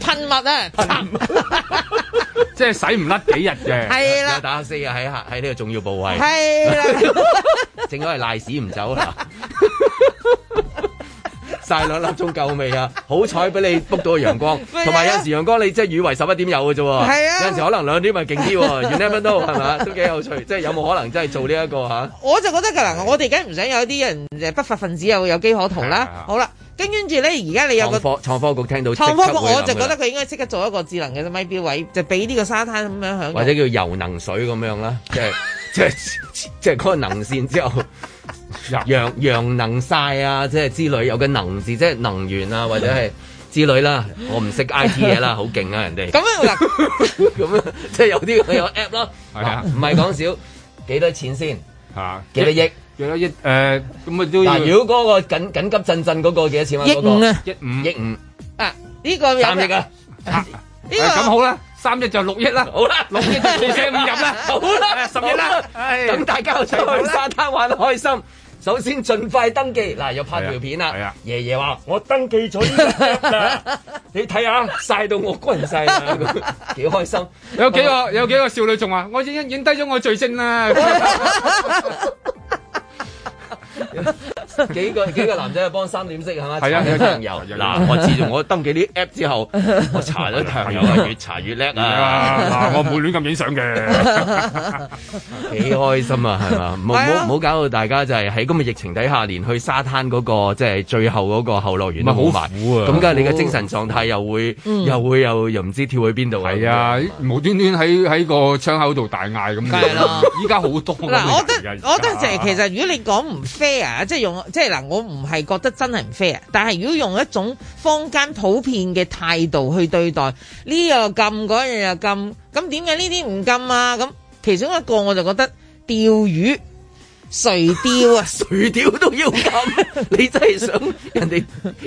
噴、就是啊、物啊，噴物， 即係洗唔甩幾日嘅，係啦、啊，打四日喺喺呢個重要部位，係啦、啊，正好係賴屎唔走啦。 大 兩粒鐘夠未啊？ 好彩俾你 book 到個陽光，同 埋有，有時陽光你即係以為十一點有嘅啫喎。啊， 有陣時可能兩點咪勁啲喎，You never know 都係嘛，都幾有趣。即、就、係、是、有冇可能真係做呢、這、一個嚇、啊？我就覺得㗎啦， 我哋梗唔想有啲人不法分子有有機可圖啦。 好啦，跟住咧，而家你有個創科，創科局聽到創科局，我就覺得佢應該即刻做一個智能嘅咪標位，就俾呢個沙灘咁樣響，或者叫遊能水咁樣啦，即係即係即係嗰個能線之後。 陽陽能晒啊，即係之類有嘅能字，即係能源啊或者係之類啦。我唔識 IT 嘢啦，好勁啊人哋。咁啊，咁啊，即係有啲咁嘅 app 咯。係啊，唔係講少幾多錢先吓？幾多億？幾多億？誒，咁啊都要。嗱，如果嗰個緊緊急震震嗰個幾多錢啊？億五啊，一五億五。啊，呢個三億啊。呢個咁好啦。三億就六億啦，好啦，六億就六四千五咁啦， 啦，啦，好啦，十億啦，咁大家就出去沙灘玩得開心。首先盡快登記，嗱， 又拍條片啦。爺爺話：啊、爺爺說 我登記咗呢、這個， 你睇下曬到我燶晒，幾 開心。有幾個有幾個少女仲話：我已經影低咗我罪證啦。 幾個幾個男仔去幫三點式係咪？係啊，油，嗱，我自從我登記啲 app 之後，我查咗油啊，越查越叻啊！嗱，我唔會亂咁影相嘅，幾開心啊，係嘛？唔好好搞到大家就係喺今日疫情底下，連去沙灘嗰個即係最後嗰個後樂園咪好苦啊！咁梗係你嘅精神狀態又，嗯、又會又會又又唔知跳去邊度啊？係啊，無端端喺喺個窗口度大嗌咁，依家好多嗱，我覺得我覺得就係其實如果你講唔 fair，即係用。即係嗱，我唔係覺得真係唔 fair，但係如果用一種坊間普遍嘅態度去對待呢樣又禁，嗰樣又禁，咁點解呢啲唔禁啊？咁其中一個我就覺得釣魚。垂釣啊，垂釣都要咁，你真係想人哋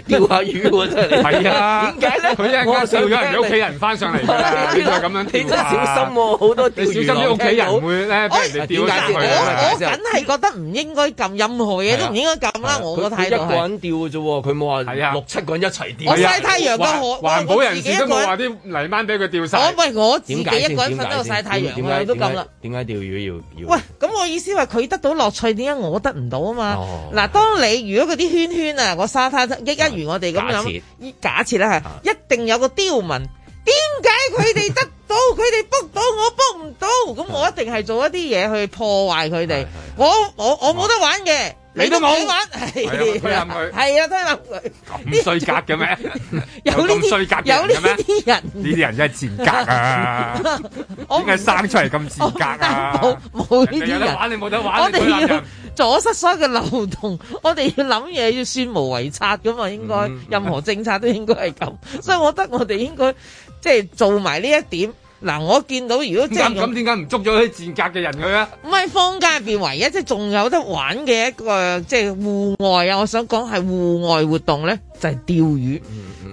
釣下魚喎真係，係啊，點解咧？佢一間上咗人屋企人翻上嚟，邊度咁樣？你小心喎，好多釣魚嘅，唔會咧俾人釣晒佢。我我梗係覺得唔應該撳任何嘢，都唔應該撳啦。我嘅態度係。佢一個人釣嘅啫，佢冇話係啊，六七個人一齊釣。我晒太陽嘅可環保人士都話啲泥斑俾佢釣晒。我喂，我自己一個人瞓喺度晒太陽，點解都撳啦？點解釣魚要要？喂，咁我意思話佢得到落。脆點解我得唔到啊嘛？嗱、哦，當你如果嗰啲圈圈啊，個沙灘一一如我哋咁樣，假設咧係一定有個刁民，點解佢哋得？ 佢哋 book 到，我 book 唔到，咁我一定係做一啲嘢去破壞佢哋。我我我冇得玩嘅，你，你都冇得玩。係啊，都係咁衰格嘅咩？ 有呢啲有呢啲人，呢 啲人真係賤格啊！點 解我不 生出嚟咁賤格啊？冇呢啲人，你冇得玩。我哋要阻塞所有嘅漏洞。我哋要諗嘢要算無遺策噶嘛？應該、嗯、任何政策都應該係咁， 所以我覺得我哋應該即係做埋呢一點。嗱，我見到如果即咁咁點解，唔捉咗啲賤格嘅人佢啊？唔係坊間入邊唯一即係仲有得玩嘅一個即係戶外啊！我想講係戶外活動咧，就係、是、釣魚。唔、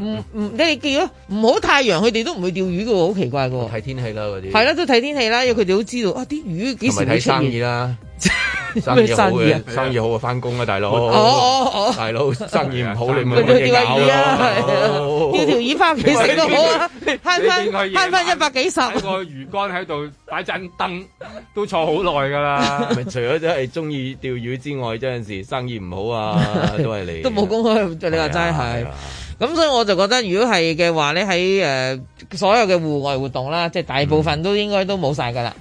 嗯、唔、嗯嗯，你哋見咗唔好太陽，佢哋都唔會釣魚㗎喎，好奇怪㗎喎。睇天氣啦嗰啲。係啦、啊，都睇天氣啦，因為佢哋都知道啊，啲魚幾時會生意啦？生意好嘅，生意好啊！翻工啊，大佬，大佬生意唔好，你咪釣條魚啊！係啊，釣條魚翻嚟食都好啊！慳翻慳翻一百幾十，個魚竿喺度擺盞燈都坐好耐噶啦！咪除咗真係中意釣魚之外，有陣時生意唔好啊，都係你都冇公開，你話齋係咁，所以我就覺得，如果係嘅話咧，喺誒所有嘅戶外活動啦，即係大部分都應該都冇晒噶啦。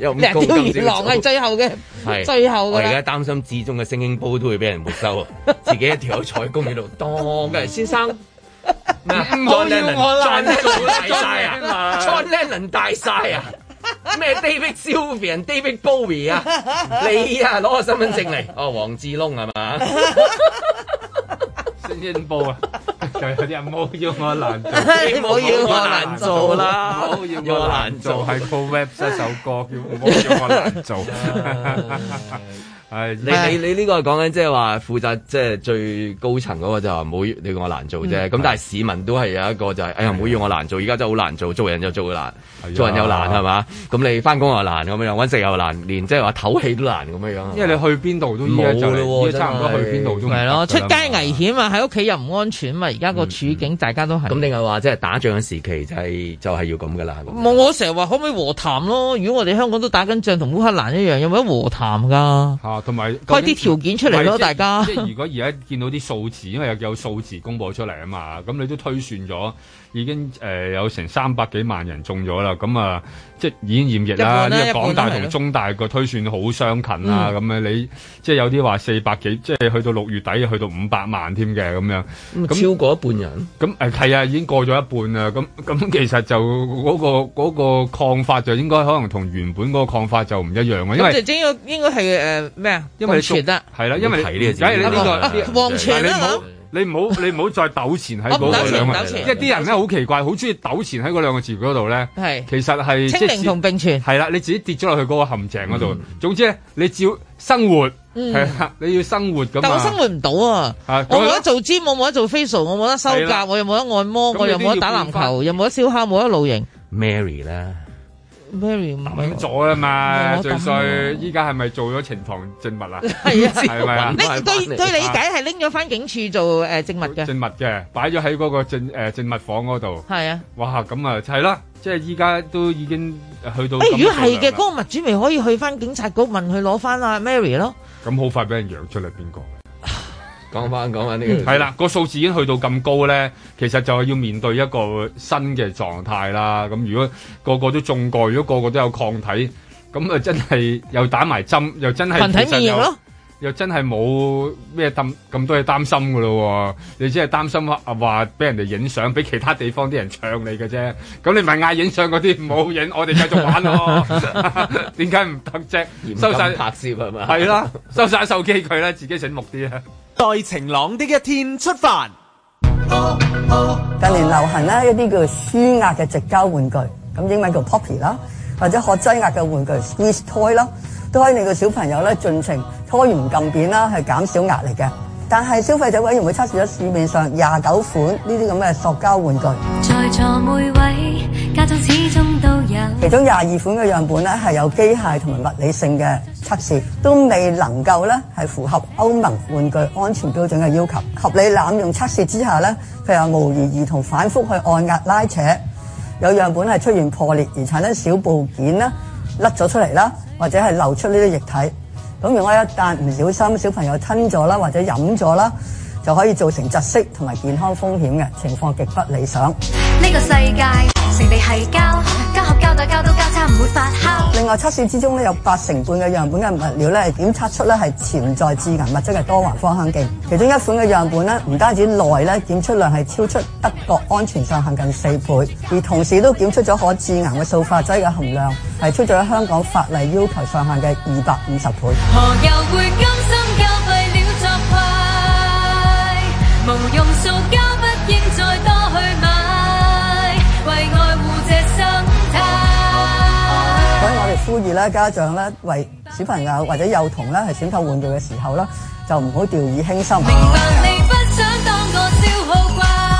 又唔高，狼係、啊、最後嘅，係最後嘅。我而家擔心，最終嘅星星煲都會俾人沒收啊！ 自己一條彩公喺度蕩，嘅先生，唔可以我啦，John Lennon 大晒啊，John Lennon 大晒啊，咩 麼 David Sylvian、 David Bowie 啊， 你啊攞個身份證嚟，哦、oh,，黃志龍係嘛，星星煲啊。佢啲人冇要我難做， 你冇要我難做啦，冇要我難做，係 cover 一首歌叫冇要我難做。 係、哎、你是、啊、你你呢個係講緊即係話負責即係最高層嗰個就話唔好你話我難做啫，咁、嗯、但係市民都係有一個就係哎呀唔好要我難做，而家、啊、真係好難做，做人又做得難、啊，做人又難係嘛？咁、啊、你翻工又難，咁樣搵食又難，連即係話唞氣都難咁樣樣。因為你去邊度都依家都差唔多去邊度都係咯，出街危險啊，喺屋企又唔安全啊嘛。而家個處境大家都係咁、嗯嗯、你係話即係打仗嘅時期就係、是、就係、是、要咁嘅啦。我成日話可唔可以和談咯？如果我哋香港都打緊仗同烏克蘭一樣，有冇得和談噶？同埋開啲條件出嚟咯，大家即。即係如果而家見到啲數字，因為有有數字公佈出嚟啊嘛，咁你都推算咗。已經誒、呃、有成三百幾萬人中咗啦，咁、嗯、啊，即已經驗疫啦。呢、這個港大同中大個推算好相近啦。咁、嗯、樣你即有啲話四百幾，即去到六月底去到五百萬添嘅咁樣。咁、嗯、超過一半人。咁誒係啊，已經過咗一半啦。咁咁其實就嗰、那個嗰、那個、抗法，就應該可能同原本嗰個抗法就唔一樣啊。因為即係應該應該係咩啊？皇朝得。係啦，因為睇呢、啊這個。啊啊啊、但你 你唔好，你唔好再糾纏喺嗰 兩個字，即係啲人咧好奇怪，好中意糾纏喺嗰兩個字嗰度咧。其實係。清零同並存。係啦，你自己跌咗落去嗰個陷阱嗰度、嗯。總之咧，你只要生活，嗯、你要生活咁。但我生活唔到啊！我冇得做 gym，我冇得做 facial，我冇得修甲，我又冇得按摩，我又冇得打籃球，又冇得燒烤，冇得露營。Mary 啦～Mary 嘛，咁咗啦嘛，最衰依家係咪做咗呈堂證物啊？係啊，係咪啊？你對對理解係拎咗翻警署做誒證物嘅，證物嘅，擺咗喺嗰個證誒證物房嗰度。係啊，哇，咁啊，係啦，即係依家都已經去到。誒，如果係嘅，嗰個物主咪可以去翻警察局問佢攞翻阿 Mary 咯。咁好快俾人揚出嚟邊個？講翻講翻呢個係、嗯、啦，個數字已經去到咁高咧，其實就係要面對一個新嘅狀態啦。咁如果個個都中過，如果個個都有抗體，咁啊真係又打埋針，又真係又真係冇咩咁多嘢擔心噶咯、啊。你只係擔心話話俾人哋影相，俾其他地方啲人唱你嘅啫。咁你咪嗌，影相嗰啲唔好影，我哋繼續玩咯、啊。點解唔得啫？收晒拍攝係咪？係 啦，收晒手機佢呢，自己醒目啲 在晴朗的一天出發。近年流行咧一啲叫舒壓嘅直交玩具，咁英文叫 Poppy 啦，或者學擠壓嘅玩具 Squeeze Toy 啦，都可以令到小朋友咧盡情搓圓撳扁啦，係減少壓力嘅。但係，消費者委員會測試咗市面上廿九款呢啲咁嘅塑膠玩具，在座每位家中始終都有。其中廿二款嘅樣本咧，係有機械同埋物理性嘅測試，都未能夠咧係符合歐盟玩具安全標準嘅要求。合理濫用測試之下咧，譬如話無疑兒童反覆去按壓拉扯，有樣本係出現破裂而產生小部件啦、甩咗出嚟啦，或者係流出呢啲液體。咁如果一旦唔小心，小朋友吞咗啦，或者飲咗啦。就可以造成窒息同埋健康風險嘅情況，極不理想。呢個世界成地係膠，膠膠盒膠袋膠都膠叉唔會發酵。另外測試之中呢，有八成半嘅樣本嘅物料呢，檢測出呢，係潛在致癌物質嘅多環芳香烴。其中一款嘅樣本呢，唔單止內呢檢出量係超出德國安全上限近四倍，而同時都檢出咗可致癌嘅塑化劑嘅含量係超咗香港法例要求上限嘅二百五十倍。何又會用塑膠不應再多去買，啊，所以我哋呼籲咧，家長咧為小朋友或者幼童咧係選購玩具嘅時候咧，就唔好掉以輕心。明白，你不想當個消耗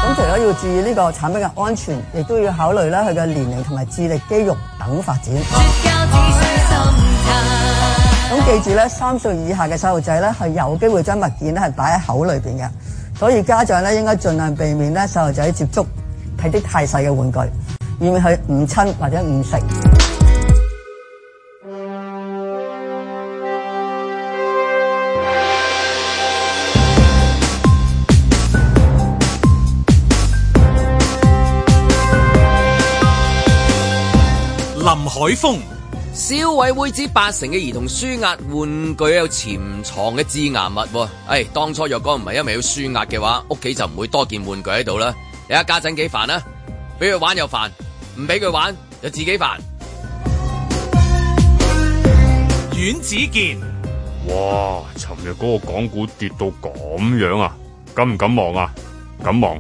咁，除咗要注意呢個產品嘅安全，亦都要考慮咧佢嘅年齡同埋智力、肌肉等發展。只需心態咁記住咧，三歲以下嘅細路仔咧係有機會將物件咧係擺喺口裏邊嘅。所以家長咧應該盡量避免咧細路仔接觸體積太細嘅玩具，以免佢誤親或者誤食。林海峰。消委會指八成嘅兒童舒壓玩具有潛藏嘅致癌物，啊。唉、哎，當初若果唔係因為要舒壓嘅話，屋企就唔會多件玩具喺度啦。你一家陣幾煩啊？俾佢玩又煩，唔俾佢玩又自己煩。阮子健，哇！尋日嗰個港股跌到咁樣啊，敢唔敢望啊？敢望，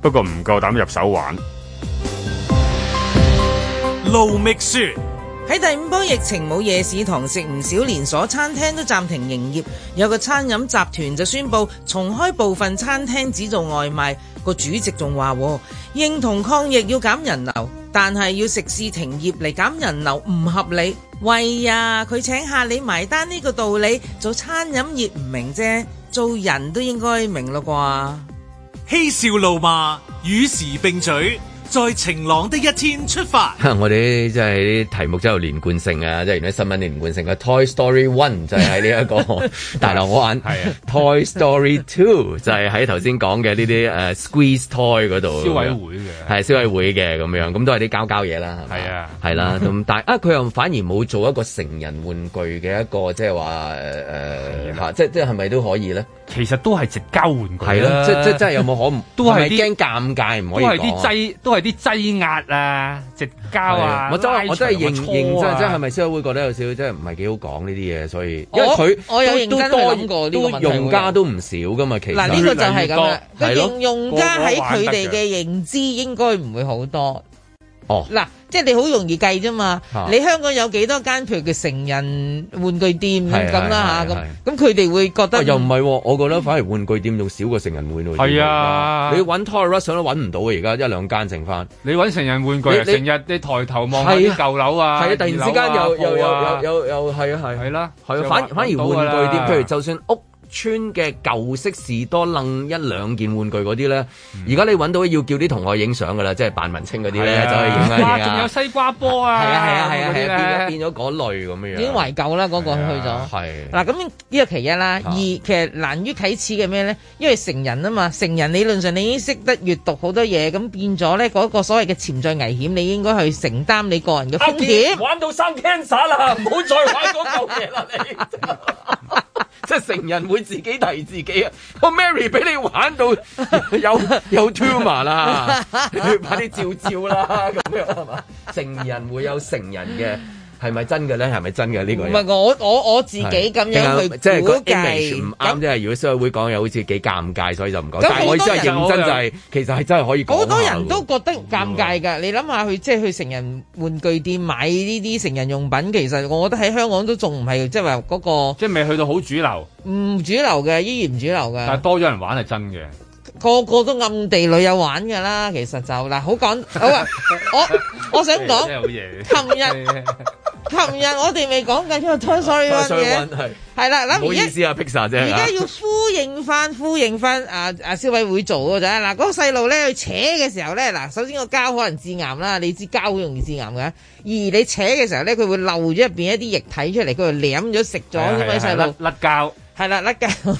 不過唔夠膽入手玩。盧覓雪喺第五波疫情冇夜市堂食，唔少連鎖餐廳都暫停營業。有個餐飲集團就宣布重開部分餐廳，只做外賣。個主席仲話認同抗疫要減人流，但係要食肆停業嚟減人流唔合理。喂呀，佢請客你埋單呢個道理做餐飲業唔明啫，做人都應該明啦啩。嬉笑怒罵與時並舉。在晴朗的一天出發， 我哋即係啲題目真係連貫性啊，即係原來新聞連貫性嘅。Toy Story One 就係喺呢一個大我眼，係 啊。Toy Story Two 就係喺頭先講嘅呢啲誒 Squeeze Toy 度，消委會嘅係消委會嘅咁樣，咁都係啲交交嘢啦，係咪啊？係啦，咁但啊，佢 又反而冇做一個成人玩具嘅一個即係話誒誒，即即係咪都可以咧？其實都係直交玩具，啊，係咯，啊，即即即係有冇可唔 都係驚尷尬唔可以，啊，都係啲掣都係。啲擠壓啊，直交啊，我真係我真係認、啊、認真真係咪先會覺得有少少真係唔係幾好講呢啲嘢，所以因為佢都我我有認真諗過，都用家都唔少噶嘛。其實嗱，呢、呢個就係咁啦。個用，用家喺佢哋嘅認知應該唔會好多。哦、啊，嗱，即係你好容易計啫嘛，啊、你香港有幾多間譬如嘅成人玩具店咁啦吓，咁咁佢哋會覺得、啊、又唔係、啊，我覺得反而玩具店仲少過成人玩具店。係、嗯、啊、嗯嗯，你揾 Toys R Us 都揾唔到啊。而家一兩間剩翻。你揾成人玩具，成日你，你抬頭望翻啲舊樓啊，係啊，突然之間又又又又又又係啊係。係啦，係啊，反而反而玩具店，有譬如就算屋村嘅舊式士多楞一兩件玩具嗰啲咧，而家你揾到要叫啲同學影相噶啦，即係扮文青嗰啲咧就可以影啊！仲有西瓜波啊！係啊係啊係啊！變咗變咗嗰類咁樣已經懷舊啦嗰、那個去咗。係嗱、啊，咁呢、啊啊、個其一啦。二、啊、其實難於啟齒嘅咩咧？因為成人啊嘛，成人理論上你已經識得閱讀好多嘢，咁變咗咧嗰個所謂嘅潛在危險，你應該去承擔你個人嘅風險。玩到生 cancer 啦，唔 好再玩嗰舊嘢啦你！ 即係成人會自己提自己啊！我 Mary 俾你玩到有有 tumor 啦，你快啲照照啦咁樣係嘛？成人會有成人嘅。係咪真嘅咧？係咪真嘅呢，這個？唔係我我我自己咁樣去估計唔啱啫。如果消委會講嘢，好似幾尷尬，所以就唔講。但係我真係認真，就是，就係其實係真係可以講。好多人都覺得尷尬㗎，嗯。你諗下，佢即係去成人玩具店買呢啲成人用品，其實我覺得喺香港都仲唔係即係話嗰個，即係未去到好主流。唔主流嘅依然唔主流嘅。但係多咗人玩係真嘅，個個都暗地裏有玩㗎啦。其實就嗱，好講 好啊，我 我，我想講，好嘢。琴日我哋未講緊呢個 tissue 嘅嘢，係 啦，諗而家而家要呼應翻 呼應翻啊！啊，消委會做嘅就嗱，嗰，啊那個細路咧去扯嘅時候咧嗱，首先個膠可能致癌啦，你知膠好容易致癌嘅。而你扯嘅時候咧，佢會漏咗入邊一啲液體出嚟，佢就舐咗食咗咁樣細路甩膠，係啦甩膠，那個、膠膠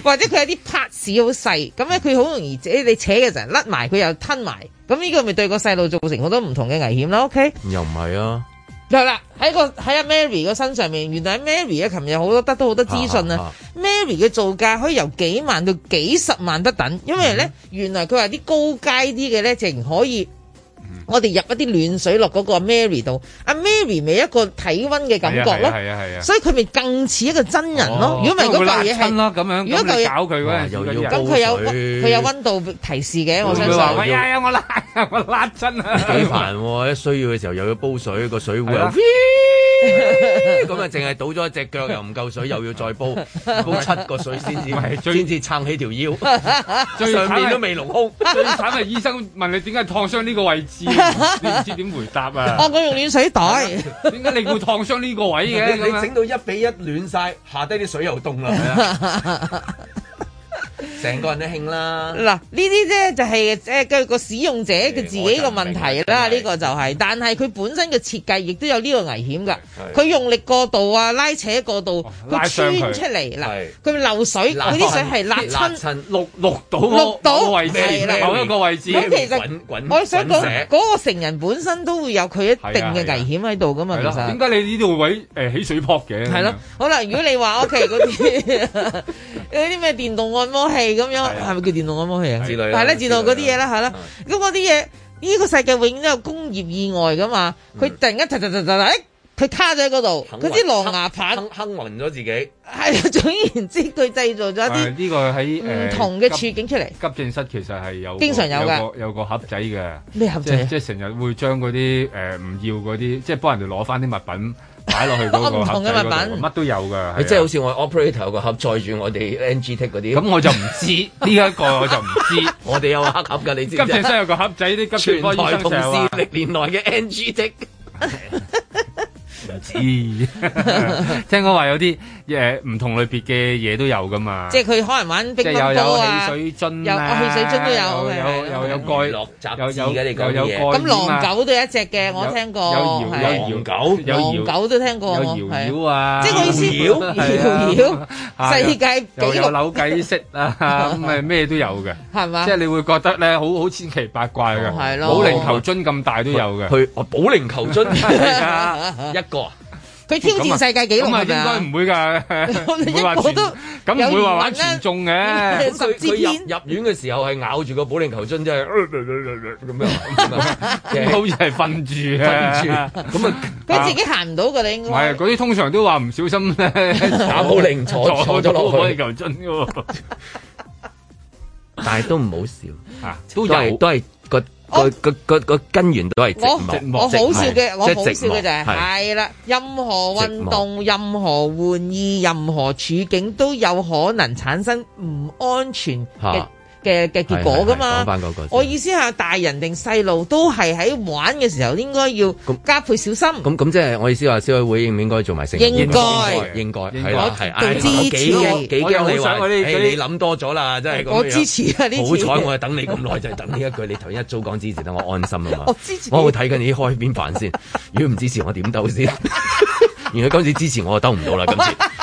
或者佢有啲 patch 好細，咁咧佢好容易你扯嘅時候甩埋佢又吞埋，咁呢個咪對個細路造成好多唔同嘅危險啦。OK，又唔係啊？嚟啦！喺個喺阿 Mary 個身上面，原來 Mary 啊，琴日好多得都好多資訊啊 ！Mary 嘅造價可以由幾萬到幾十萬不等，因為咧，原來佢話啲高階啲嘅咧，淨可以。 我哋入一啲暖水落嗰個 Mary 度，阿、啊、Mary 咪一個體溫嘅感覺咯，啊啊啊啊，所以佢咪更似一個真人咯，哦哦。如果唔係嗰嚿嘢係咯，咁樣如果搞佢嘅咁佢有佢有溫度提示嘅。我相信我哎呀呀，我拉我拉 真啊！好煩，一需要嘅時候又要煲水，個水壺又。咁啊，淨係倒咗一隻腳又唔夠水，又要再煲煲七個水先至，先至撐起條腰，最上面都未隆胸。 最慘係醫生問你點解燙傷呢個位置、啊，你唔知點回答啊？我、啊、我用暖水袋，點解你會燙傷呢個位嘅、啊？你整到一比一暖晒，下低啲水又凍啦。 成個人都興啦！嗱，呢啲咧就係誒個個使用者嘅自己個問題啦，呢個就係。但係佢本身嘅設計亦都有呢個危險㗎。佢用力過度啊，拉扯過度，佢穿出嚟嗱，佢漏水，佢啲水係辣親，辣親，落落到落到位置啦，某一個位置。咁其實我想講嗰個成人本身都會有佢一定嘅危險喺度㗎嘛，其實。點解你呢度位誒起水泡嘅？係咯，好啦，如果你話屋企嗰啲嗰啲咩電動按摩。係咁樣，係咪叫電動按摩器啊？係啦，啦，自動嗰啲嘢啦，係啦。咁嗰啲嘢，呢、啊這個世界永遠都有工業意外噶嘛。佢突然間突突突突，佢卡咗喺嗰度，佢啲狼牙棒坑暈咗自己。係，總言之，佢製造咗啲呢個喺唔、呃、同嘅處境出嚟。急症室其實係有經常有噶，有個盒仔嘅。咩盒仔？即係成日會將嗰啲誒唔要嗰啲，即係幫人哋攞翻啲物品。呃擺落去嗰個唔同嘅物品，乜都有噶。即係好似我 operator 頭個盒，載住我哋 NGT 嗰啲。咁我就唔知呢一 個我就唔知。 我哋有黑盒噶，你知唔知？金正山有個盒仔，啲金全台同事歷年來嘅 NGT，唔知。聽講話有啲。嘢唔同類別嘅嘢都有㗎嘛？即係佢可能玩乒乓波啊，有汽水樽咧，有有有有蓋，有有有蓋，咁狼狗都有一隻嘅，我聽過，狼狗，狼狗都聽過，係，即係我意思，搖搖搖搖，細啲計，又有扭計骰啊，咁咪咩都有嘅，係嘛？即係你會覺得咧，好好千奇百怪嘅，保齡球樽咁大都有嘅，佢哦保齡球樽一個。佢挑戰世界紀錄啊！應該唔會噶，唔會話我都咁唔會話玩全中嘅。佢入入院嘅時候係咬住個保齡球樽，即係咁樣，好似係瞓住瞓住。咁啊，佢自己行唔到嘅，你應該係。嗰啲通常都話唔小心咧，打保齡坐坐錯咗落去保齡球樽嘅。但係都唔好笑，都係都係個。個、哦、個個個根源都係寂、就係寂寞，我好笑嘅，我好笑嘅就係係啦，任何運動、任何玩意、任何處境都有可能產生唔安全嘅。啊嘅嘅結果噶嘛係係係？講翻嗰個，我意思係大人定細路都係喺玩嘅時候應該要加倍小心。咁咁即係我意思話，消委會應唔應該做埋成？應該應該，我係支持。哎、我有話我幾幾你諗、哎、多咗啦，真係。我支持啊！好彩，我係等你咁耐 就係等呢一句，你頭一早講支持，等我安心啊嘛。 我支持。我會睇緊你開邊飯先。如果唔支持，我點兜先？如果今次支持，我就兜唔到啦。今次。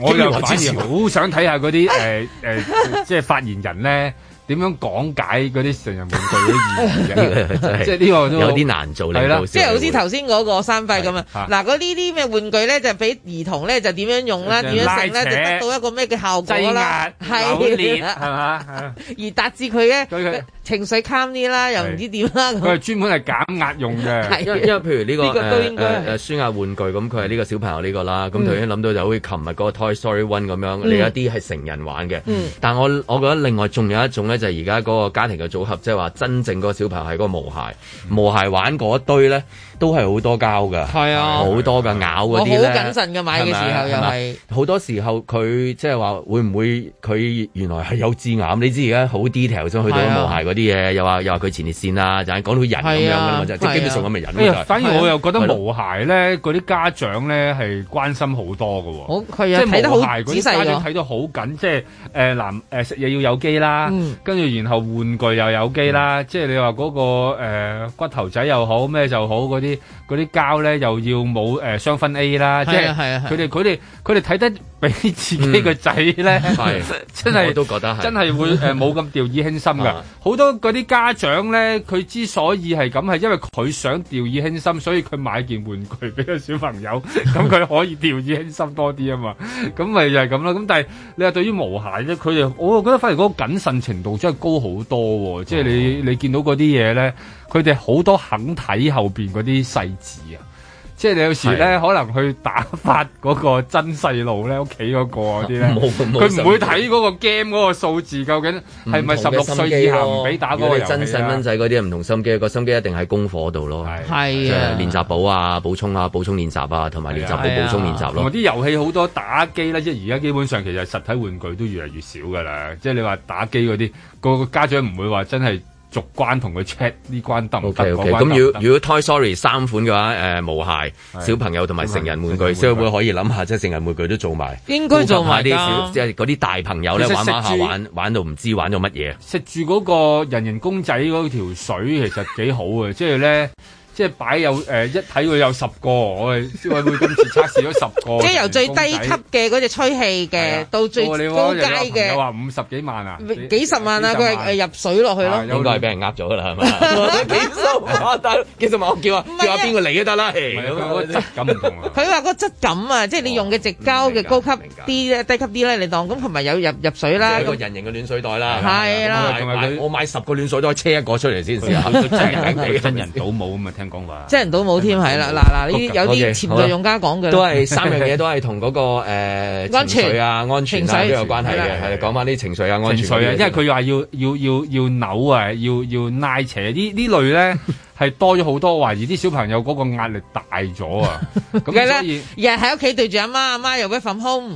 我又反而好想睇下嗰啲，誒誒，即係發言人咧。點樣講解嗰啲成人玩具啲意義？即係呢個都有啲難做。係啦，即、就、係、是、好似頭先嗰個山塊咁啊！嗱，嗰啲啲咩玩具咧，就俾兒童咧就點樣用啦？點、啊、樣食咧？就得到一個咩嘅效果啦？係。好係嘛？而達至佢咧、okay, 情緒 calm 啲啦，又唔知點啦。佢係專門係減壓用嘅。 因為譬如呢、呢個誒誒舒壓玩具咁，佢係呢個小朋友呢個啦。咁頭先諗到就好似琴日嗰個 Toy Story One 咁樣，另、嗯、一啲係成人玩嘅、嗯。但我我覺得另外仲有一種咧。就係而家嗰個家庭嘅組合，即係話真正嗰個小朋友係嗰個毛孩，毛孩玩嗰堆咧都係好多膠㗎，係啊，好多㗋、啊、咬嗰啲咧。我好謹慎㗎，買嘅時候又係好多時候佢即係話會唔會佢原來係有致癌？你知而家好 detail 咗去到毛孩嗰啲嘢，又話又話佢前列腺啊，就係講到人咁樣㗎啦嘛，即係基本上咁嘅人、啊啊啊。反而我又覺得毛孩咧嗰啲家長咧係關心好多㗎喎、啊啊就是啊啊，即係睇得好仔細，睇到好緊，即係誒男誒食嘢要有機啦。嗯。跟住然後玩具又有機啦，嗯、即係你話嗰、嗰個、呃、骨頭仔又好咩就好，嗰啲嗰啲膠咧又要冇誒雙酚 A 啦，係啊、即係佢哋佢哋佢哋睇得。俾自己個仔咧，真係我都覺得係，真係會誒冇咁掉以輕心㗎。好多嗰啲家長咧，佢之所以係咁，係因為佢想掉以輕心，所以佢買件玩具俾個小朋友，咁 佢可以掉以輕心多啲啊嘛。咁咪就係咁啦。咁但係你話對於無限啫，佢哋我覺得反而嗰個謹慎程度真係高好多喎。即係你你見到嗰啲嘢咧，佢哋好多肯睇後邊嗰啲細子。啊。即係你有時咧、啊，可能去打發嗰個真細路咧，屋企嗰個嗰啲咧，佢、啊、唔會睇嗰個 game 嗰個數字究竟係咪十六歲以下唔俾打嗰個、啊、真細蚊仔嗰啲唔同心機，個心機一定喺功課度咯，係練、啊就是、練習簿啊，補充啊，補充練習啊，同埋練習簿補充練習咯。同埋啲遊戲好多打機咧，即係而家基本上其實實體玩具都越嚟越少㗎啦。即係你話打機嗰啲，個個家長唔會話真係。逐關同佢 check 呢關得唔得？OK，咁如果如果 Toy Story 三款嘅話，誒、呃、無鞋，小朋友同埋成人玩具，所以會可以諗下即係成人玩具都做埋，應該做埋啲，即係啲大朋友咧玩玩下，玩一下玩，玩到唔知玩咗乜嘢。食住嗰個人人公仔嗰條水其實幾好嘅，即係咧。 即係擺有誒一睇佢有十個，我消委會今次測試咗十個。即係由最低級嘅嗰隻吹氣嘅到最高級嘅。又話五十幾萬啊？幾十萬啊？佢係誒入水落去咯。咁都係俾人呃咗㗎啦，係咪？幾十萬大佬？幾十萬我叫啊叫啊邊個嚟都得啦。唔係佢話嗰質感唔同啊。佢話個質感啊，即係你用嘅直膠嘅高級啲咧、低級啲咧，你當咁同埋有入入水啦。一個人形嘅暖水袋啦。係啦。同埋佢我買十個暖水袋，車一個出嚟先試下。真人賭武咁啊！即係話，聽唔到冇添，係啦，嗱嗱呢啲有啲潛在用家講嘅，okay, okay, okay. 都係三樣嘢都係同嗰個誒 情緒啊、安全啊都有關係嘅，係講翻啲情緒啊安全、情緒啊，因為佢話要要要要扭啊，要要拉扯呢呢類咧。 係多咗好多，懷疑啲小朋友嗰個壓力大咗 所以 啊！咁所以呢，日喺屋企對住阿媽，阿媽又搣份胸，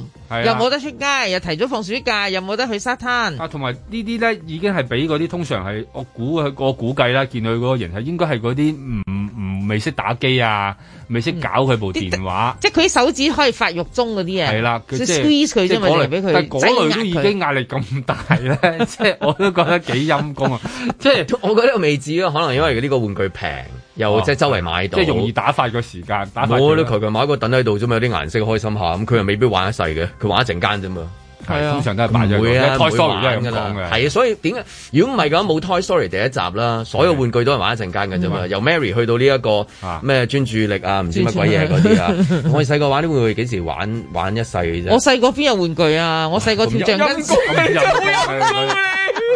又冇得出街，又提早放暑假，又冇得去沙灘。啊，同埋呢啲咧已經係比嗰啲通常係我估佢，我估計啦，見佢嗰個人係應該係嗰啲唔唔未識打機啊。未識搞佢部電話，即係佢手指可以發育中嗰啲嘢，係啦，佢即係 squeeze 佢啫嘛，俾佢。就是、但嗰類都已經壓力咁大咧，即係 我都覺得幾陰功啊！即 係 我覺得個未至咯，可能因為呢個玩具平，又即係周圍買到，哦嗯、即係容易打發個時間。我咧佢佢買一個等喺度啫嘛，有啲顏色開心下，咁佢又未必玩一世嘅，佢玩一陣間啫嘛。係啊，通常、啊、都係扮咗，Toy Story 都係咁講嘅。係啊，所以點解如果唔係咁冇 Toy Story 第一集啦，所有玩具都係玩一陣間嘅啫嘛。由 Mary 去到呢一個咩專注力啊，唔知乜鬼嘢嗰啲啊。我哋細個玩啲玩具幾時玩玩一世嘅啫。 我細個邊有玩具啊？我細個跳橡筋，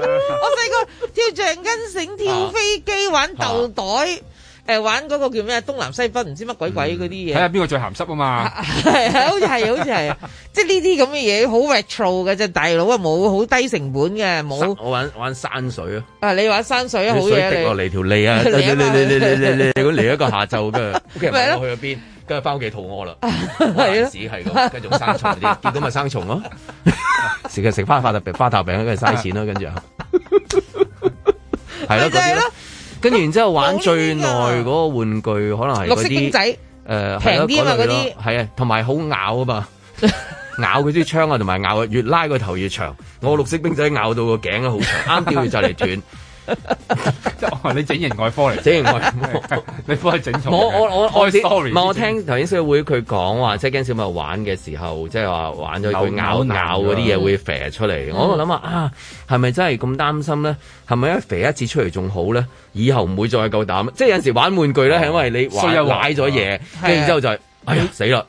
我細個跳橡筋繩、跳飛機、玩豆袋。 玩嗰個叫咩？東南西北，唔知乜鬼鬼嗰啲嘢。睇下邊個最鹹濕啊嘛！係 啊，好似係，好似係。即係呢啲咁嘅嘢，好 retro 嘅啫。大佬啊，冇好低成本嘅，冇。我玩我玩山水咯。啊，你玩山水好嘢嚟。水滴落嚟，條脷啊！你你你你你如果嚟一個下晝嘅，O K，問我去咗邊，跟住翻屋企肚餓啦。係咯，只係咁，跟住生蟲啲，見到咪生蟲咯、啊。食日食翻花頭餅，花頭餅、啊，跟住嘥錢咯、啊，跟住係咯。啲 對、啊。 跟住，然之後玩最耐嗰個玩具，可能係嗰啲誒平啲啊嗰啲，係、呃、啊，同埋好咬啊嘛， 咬佢啲槍啊，同埋咬越拉個頭越，越長。我綠色兵仔咬到個頸都好長，啱叫佢就嚟斷。 你整形外科嚟，整形外科 你科係整錯。我我我，唔係我，我，我，我聽頭先社會佢講話，即係驚小朋友玩嘅時候，即係話玩咗佢咬咬嗰啲嘢會飛出嚟，嗯。我諗啊，係咪真係咁擔心咧？係咪一飛一次出嚟仲好咧？以後唔會再夠膽。即係有陣時玩玩具咧，係 因為你玩壞咗嘢，跟住之後就哎呀、嗯、死啦！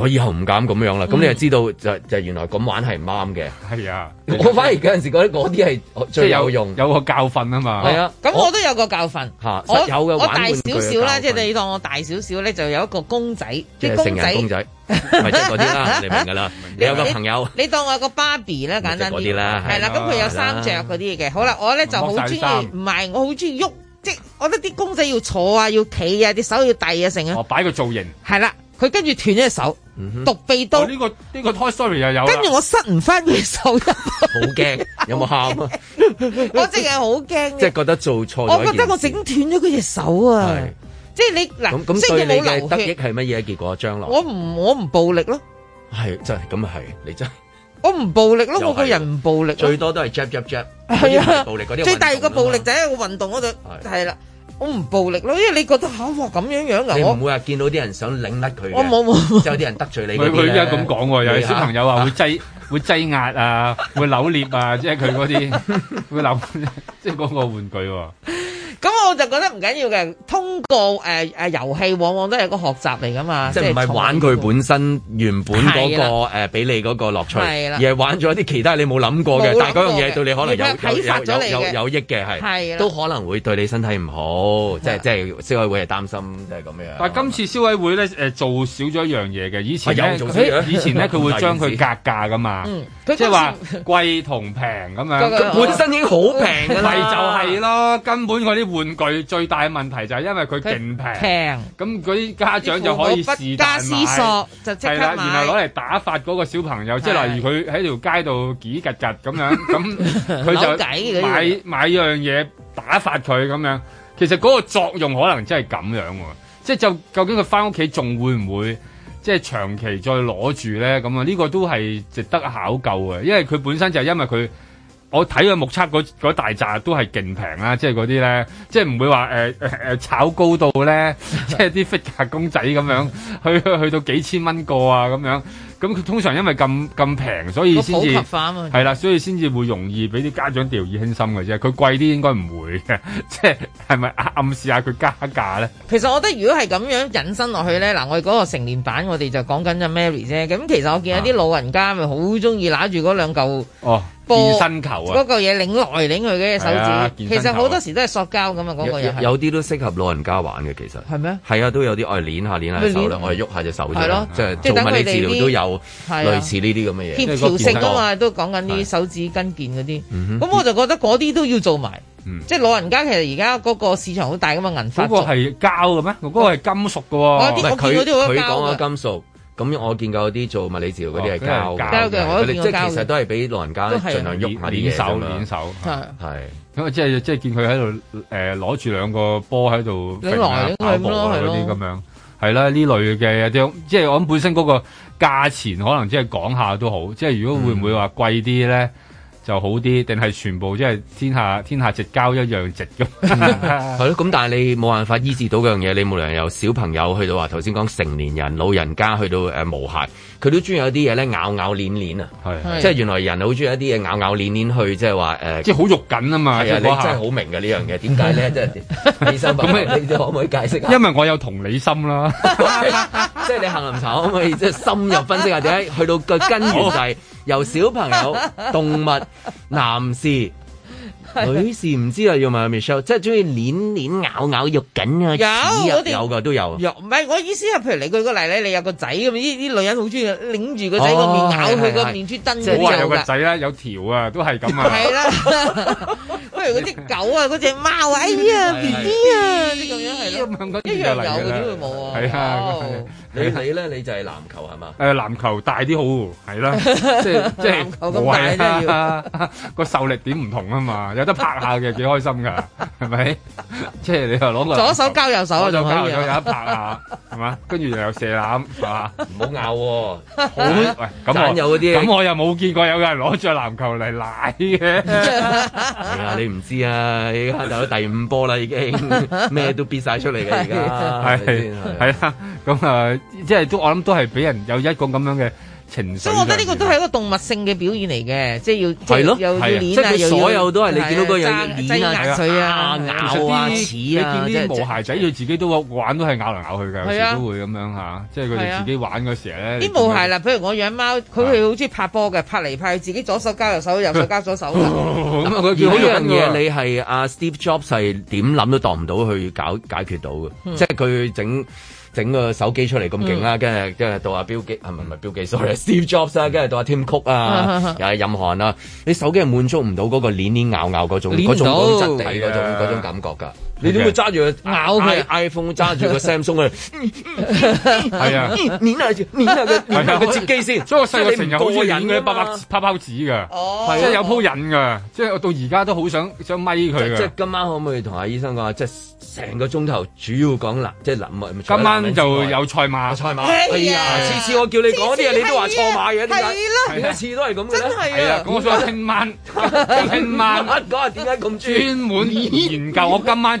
我以後唔敢咁樣啦，咁、嗯、你就知道就就原來咁玩係唔啱嘅。係啊，啊，我反而有陣時覺得嗰啲係最有用、就係有，有個教訓啊嘛。係啊，咁、啊、我都有個教訓。嚇、啊，我我，有玩玩我大少少啦，即、就、係、是、你當我大少少咧，就有一個公仔，即啲公仔公仔，咪 就係嗰啲啦。明㗎啦，你，你，你有個朋友，你，你，你當我有一個芭比啦，簡單啲啦。係啦，咁佢有三隻嗰啲嘅。好啦，嗯、我咧就好中意，唔係我好中意喐，即係我覺得啲公仔要坐啊，要企啊，啲手要遞啊，成 啊。我擺個造型。係啦。佢跟住斷咗隻手，獨臂刀。呢個呢個 Toy Story 又有。跟住我塞唔翻隻手。好驚。有冇喊啊？我淨係好驚。即係覺得做錯。我覺得我整斷咗佢隻手啊！即係你嗱，先至好流血。得益係乜嘢？結果將來？我唔我唔暴力咯。係真係咁啊係，你真。我唔暴力咯，我個人唔暴力。最多都係 jab jab jab。係啊。暴力嗰啲。最大個暴力就係喺個運動嗰度，係啦。我唔暴力咯，因為你覺得嚇哇咁樣樣嘅，我唔會話見到啲人想擰甩佢，我冇冇，即啲人得罪你。 佢佢而家咁講喎，有啲小朋友話會擠。 會擠壓啊，會扭捏啊， 即係佢嗰啲會扭，即係嗰個玩具、啊。咁 我就覺得唔緊要嘅，通過誒誒遊戲，呃、往往都係個學習嚟噶嘛。即係唔係玩佢本身原本嗰、那個誒俾你嗰個樂趣，了而係玩咗啲其他你冇諗過嘅，但係嗰樣嘢對你可能有有的有有,有,有,有,有,有益嘅係，都可能會對你身體唔好，即係即係消委會係擔心即係咁樣。但係今次消委會咧誒做少咗一樣嘢嘅，以前咧以前咧佢 會將佢格價噶嘛。嗯，即係話貴同平咁樣， 佢本身已經好平啦，係 就係咯。根本嗰啲玩具最大嘅問題就係因為佢勁平，平咁嗰啲家長就可以是但買，思索就即刻買，就係啦，然後攞嚟打發嗰個小朋友，是即係例如佢喺條街度幾擠軋軋咁樣，咁 佢就買 買樣嘢打發佢咁樣。其實嗰個作用可能真係咁樣喎、啊，即係就究竟佢翻屋企仲會唔會？即係長期再攞住咧咁啊，呢個都係值得考究嘅，因為佢本身就係因為佢，我睇嘅目測嗰大紮都係勁平啦，即係嗰啲咧，即係唔會話誒、呃呃、炒高到咧，即係啲 figure 公仔咁樣，去去到幾千蚊個啊咁樣。咁佢通常因為咁咁平，所以先至普及化嘛，係啦，所以先至會容易俾啲家長掉以輕心嘅啫。佢貴啲應該唔會嘅，即係係咪暗示下佢加價咧？其實我覺得如果係咁樣引申落去咧，嗱，我哋嗰個成年版我哋就講緊咗 Mary 啫。咁其實我見有啲老人家咪好中意拿住嗰兩嚿、啊。哦健身球啊！嗰個嘢，擰來擰去嘅手指，啊啊、其實好多時都係塑膠咁啊。嗰、那個嘢有啲都適合老人家玩嘅，其實係咩？係啊，都有啲愛捻下捻下手，我愛喐下隻手係咯，即係、啊就是、物理治療都有類似呢啲咁嘅嘢。協調性啊嘛，都講緊、啊、手指跟腱嗰啲，咁、嗯、我就覺得嗰啲都要做埋、嗯。即係老人家其實而家嗰個市場好大㗎嘛，銀髮嗰、那個係膠嘅咩？嗰、那個係金屬嘅、啊。我我見到啲嗰個膠。咁我見過啲做物理治療嗰啲係教，即、哦、係其實都係俾老人家盡量喐下手嘢咁係咁啊！即係即係見佢喺度誒攞住兩個波喺度，你來一來咁嗰啲咁樣係啦。呢類嘅即係我諗本身嗰個價錢可能即係講下都好。即係如果會唔會話貴啲咧？嗯就好啲，定係全部即係天下天下直交一樣直咁，係 咯、嗯。咁 但係你冇辦法醫治到嗰樣嘢，你無論由小朋友去到話頭先講成年人、老人家去到、呃、無鞋，佢都中意有啲嘢咧咬咬攣攣啊，即係原來人好中意有啲嘢咬咬攣攣去，就是呃、即係話即係好肉緊啊嘛。啊、就是，你真係好明嘅呢樣嘢，點解咧？即係咁你可唔可以解釋因為我有同理心啦， 即係你杏林茶可唔可以即係深入分析下或者去到個根源就係？ 由小朋友、動物、男士。啊、女士唔知啊，要 m i c h e l l e 即係中意捏捏咬咬，咬肉緊啊，有有嘅都有。肉唔係我意思係、啊，譬如你舉個例咧，你有個仔咁，呢啲女人好中意擰住個仔個、哦、面咬佢個面，專登咁樣有個仔啦，有條啊，都係咁啊。係啦、啊，不 如嗰啲狗啊，嗰隻貓啊，哎呀 b B 啊，啲咁樣係咯，一樣有嘅，點會冇啊？係啊、哦、啊，你你咧、啊、你就係籃球係嘛？誒、啊，籃、啊啊球，啊啊、球大啲好，係啦、啊，即係即係，我係啦，個受力點唔同啊嘛。得拍下嘅，幾開心噶，係咪？即、就、係、是、你又攞個左手交右手，左手交右手、啊、拍一拍下，係嘛？跟住又有射籃，係嘛？唔好咬喎、啊！好、啊，喂，咁我咁我又冇見過有人攞著籃球嚟奶嘅。係、 哎、啊，你唔知啊，而家到第五波啦，已經咩都迫晒出嚟嘅，而家係係啦。咁啊，即係、啊啊啊啊啊就是、都我諗都係俾人有一個咁樣嘅。情所以，我覺得呢個都係一個動物性嘅表現嚟嘅，即係要，是即係又要練啊，要所有都係你見到嗰樣真要練啊、咬啊、齒啊。你見啲毛孩仔佢自己都玩都係咬嚟咬去㗎，有時都會咁樣下，即係佢哋自己玩嗰時咧。啲毛孩啦，譬如我養貓，佢係好中意拍波嘅，拍嚟拍去，自己左手交右手， 右手交左手。咁 啊而是，佢叫呢樣嘢，你係阿 Steve Jobs 係點諗都當唔到去搞解決到嘅， 即係佢整。整個手機出嚟咁勁啦，跟住跟住到阿標記，啊唔係唔係標記，sorry，Steve、嗯、Jobs、嗯、啊，跟住到阿 Tim Cook 啊，又係任韓啦，你手機係滿足唔到嗰個黏黏咬咬嗰種嗰種，質地嗰種嗰種感覺㗎。你點會揸住個咬佢 iPhone 揸住個 Samsung 啊？係、嗯、啊，捻下住，捻佢，接咪機先？所以我細個成日好癮嘅，百百泡泡紙嘅，即係有鋪癮嘅，即係我到而家都好想想咪佢嘅。即係今晚可唔可以同阿醫生講話？即係成個鐘頭主要講嗱，即係諗。今晚就有賽馬，賽、啊、馬。係啊！次、哎、次我叫你講啲嘢，你都話錯馬嘅，點解？係啊，第一次都係咁嘅。真係啊！係、哎、啊，我所以聽晚，聽晚講下點解咁專。專門研究我今晚。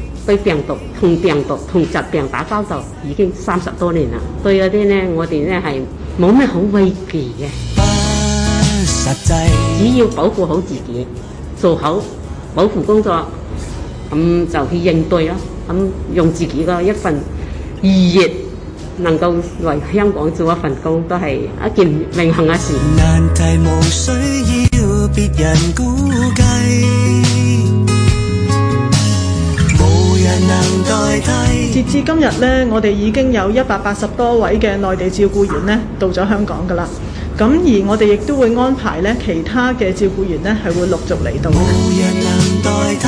對病毒同病毒同疾病打交道已經三十多年啦，對嗰啲呢，我哋呢係冇咩好畏忌嘅。實際只要保護好自己，做好保護工作，咁就去應對咯。咁用自己嘅一份意義，能夠嚟香港做一份工，都係一件榮幸嘅事。難題無需要別人估計。截至今日呢，我哋已經有一百八十多位嘅內地照顧員呢到咗香港噶啦，咁而我哋亦都會安排呢其他嘅照顧員呢，係會陸續嚟到嘅。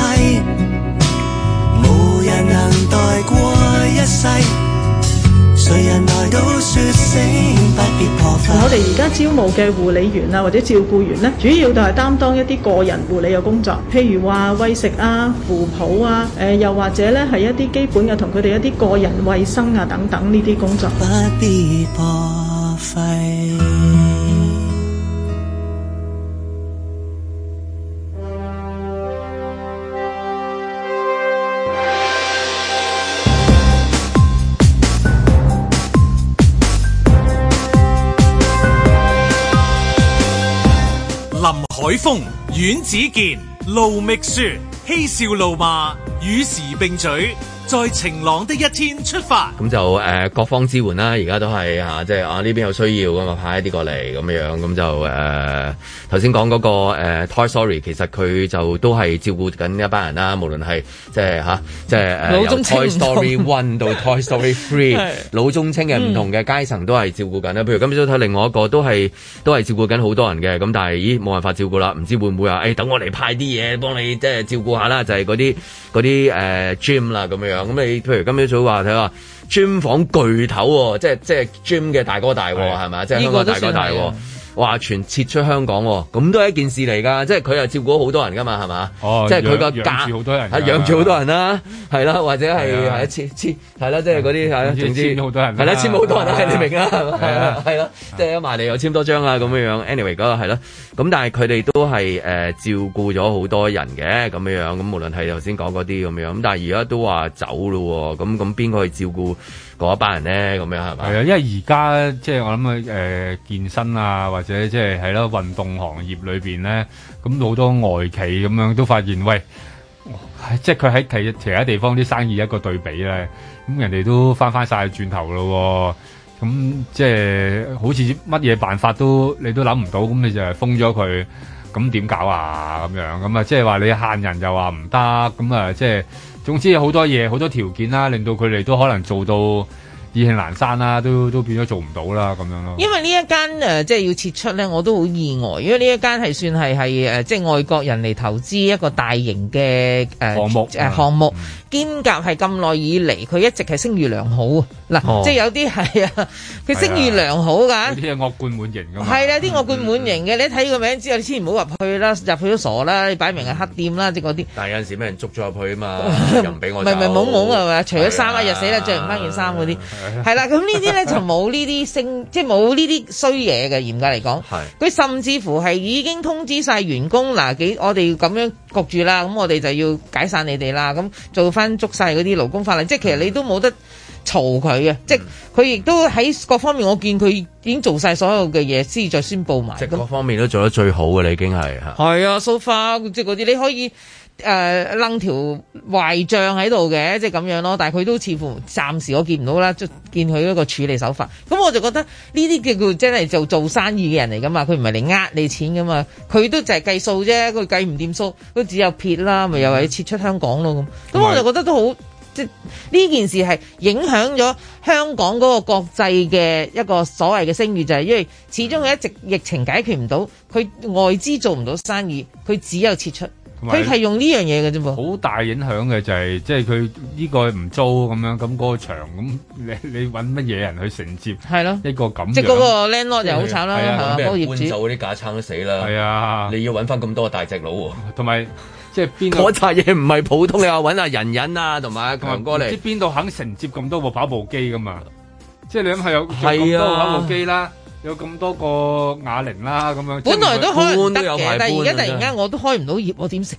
而家招募嘅護理員啊，或者照顧員呢，主要就係擔當一啲個人護理嘅工作，譬如話餵食啊、扶抱啊，誒、呃、又或者呢，係一啲基本嘅同佢哋一啲個人衛生啊等等呢啲工作。海峰、阮子健、盧覓雪，嬉笑怒罵與時並舉。在晴朗的一天出發。咁就誒、呃、各方支援啦，而家都係吓、啊、即係啊呢邊有需要咁啊派一啲過嚟咁樣，咁就誒頭先講嗰個誒 Toy Story，其實佢就都係照顧緊一班人啦，無論係即係吓、啊、即係誒 Toy Story One 到 Toy Story Three， 老中青嘅唔同嘅階層都係照顧緊啦。譬如今朝睇另外一個都係都係照顧緊好多人嘅，咁但係咦冇辦法照顧、欸呃就是呃、啦，唔知會唔會啊？誒等我嚟派啲嘢幫你即係照顧下啦，就係嗰啲嗰啲誒 gym 啦咁樣。咁你，譬如今朝早話睇下，gym 房巨頭喎，即係即係 gym 嘅大哥大喎，係咪？即係香港大哥大喎。這個話全撤出香港，喎，咁都係一件事嚟㗎，即係佢又照顧好多人㗎嘛，係咪、哦？即係佢個價養住好多人，養住好多人啦，係啦，或者係係簽簽，係啦，即係嗰啲係，總之係啦，簽好多人係你明啦，係啊，係咯，即係一埋嚟又簽多張啊，咁樣樣 anyway 嗰個係咯，咁但係佢哋都係、呃、照顧咗好多人嘅咁樣樣，咁無論係頭先講嗰啲咁樣，咁但係而家都話走啦喎，咁咁邊個去照顧？嗰一班人咧，咁樣係咪？係啊，因為而家即係我諗啊、呃，健身啊，或者即係係咯運動行業裏面咧，咁好多外企咁樣都發現，喂，即係佢喺其其他地方啲生意一個對比咧，咁人哋都翻翻晒轉頭咯、哦，咁即係好似乜嘢辦法都你都諗唔到，咁你就係封咗佢，咁點搞啊？咁樣咁啊，即係話你限人又話唔得，咁啊即係。總之好多嘢，好多條件啦，令到佢哋都可能做到意興闌珊啦，都都變咗做唔到啦，咁樣咯。因為一、即係、呢一間即係要撤出咧，我都好意外，因為呢一間係算係係即係外國人嚟投資一個大型嘅誒項目誒項目，啊項目嗯、兼夾係咁耐以嚟，佢一直係聲譽良好啊。嗱、哦，即係有啲係啊，佢聲譽良好㗎，啲啊惡貫滿盈㗎嘛，係啦，啲惡貫滿盈嘅，你睇個名之後，你先唔好入去啦，入去都傻啦，擺明係黑店啦，即嗰啲。但係有陣時咩人捉咗入去啊嘛，又唔俾我，唔係唔係懵懵係咪？除咗衫啊，日死啦，着唔翻件衫嗰啲，係啦。咁呢啲咧就冇呢啲聲，即係冇呢啲衰嘢嘅嚴格嚟講。佢甚至乎係已經通知晒員工嗱、嗯，幾我哋要咁樣焗住啦，咁我哋就要解散你哋啦。咁做翻捉晒嗰啲勞工法例、嗯，即係其實你都冇得。嘈佢啊，即係佢亦都喺各方面，我見佢已經做晒所有嘅嘢，先至再宣佈埋。即係各方面都做得最好嘅你已經係 s 係啊、so，far 即嗰啲，你可以誒掕、呃、條壞賬喺度嘅，即係咁樣咯。但佢都似乎暫時我見唔到啦，即見見佢一個處理手法。咁我就覺得呢啲叫佢真係做做生意嘅人嚟噶嘛，佢唔係嚟呃你錢噶嘛，佢都就係計數啫，佢計唔掂數都只有撇啦，咪、嗯、又話要撤出香港咯咁。咁、嗯、我就覺得都好。即呢件事係影響咗香港嗰個國際嘅一個所謂嘅聲譽，就係、是、因為始終佢一直疫情解決唔到，佢外資做唔到生意，佢只有撤出，佢係用呢樣嘢嘅啫，好大影響嘅就係、是、即係佢呢個唔租咁樣咁嗰、那個場咁，你你搵乜嘢人去承接？係咯，一個咁即係嗰個 landlord 又、就、好、是、慘啦，嗰個業主嗰啲架撐都死啦。係啊，你要搵翻咁多大隻佬喎、哦，同埋。即係邊我扎嘢唔係普通嘅，揾阿仁仁啊，同埋阿強哥嚟，唔、啊、知邊度肯承接咁多部跑步機噶嘛？啊、即係你諗下，有係啊跑步機啦，有咁多個啞鈴啦，咁樣本來都，都可能得嘅，但係而家突然間我都開唔到業，我點成？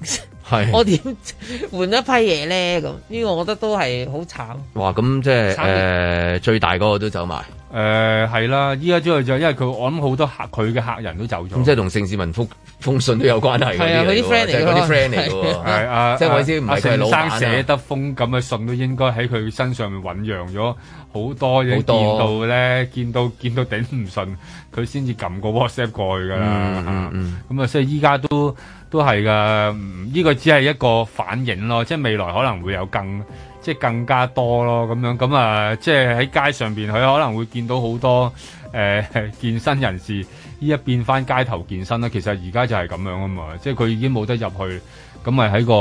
我點換一批嘢咧？咁、這、呢個我覺得都係好慘。哇！咁即係誒、呃，最大嗰個都走埋。誒、呃、係啦，依家之後就因為佢，我諗好多客佢嘅客人都走咗。咁即係同城市民封封信都有關係。係啊，佢啲 friend 嚟㗎，佢啲 friend 嚟㗎啊，即係嗰啲唔係佢老闆，啊。阿陳生寫得封咁嘅信，都應該喺佢身上面醖釀咗好多嘢。到咧，見到見到，見到頂唔順，佢先至撳個 WhatsApp 過去㗎啦。咁、嗯嗯、啊、嗯，所以依家都都係㗎。呢、這個只係一個反映咯，即係未來可能會有更。即係更加多咯，咁樣咁啊，即係喺街上面，佢可能會見到好多誒、呃、健身人士，依一邊返街頭健身啦。其實而家就係咁樣啊嘛，即係佢已經冇得入去，咁咪喺個、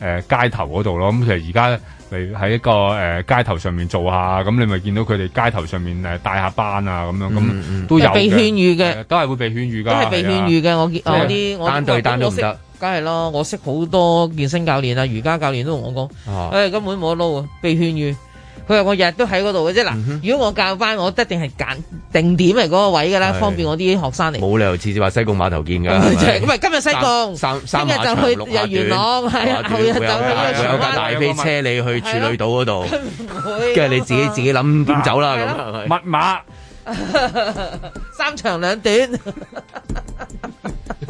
呃、街頭嗰度咯。咁其實而家咪喺一個、呃、街頭上面做下，咁你咪見到佢哋街頭上面帶下班啊咁樣，咁、嗯、都有嘅。都係會被勸喻嘅，都係被勸喻嘅。我見我單對單都唔得。梗係咯，我識好多健身教練啊，瑜伽教練都同我講，誒、啊哎、根本冇得撈啊，被勸喻。佢話我日日都喺嗰度嘅啫。嗱、嗯，如果我教班，我一定係揀定點嚟嗰個位噶啦、嗯，方便我啲學生嚟。冇理由次次話西貢碼頭見噶，唔係今日西貢，三三日就去元朗，係啊，有架大飛車你去處女島嗰度，跟住你自己、啊、自己諗點、啊、走啦。密碼三長兩短。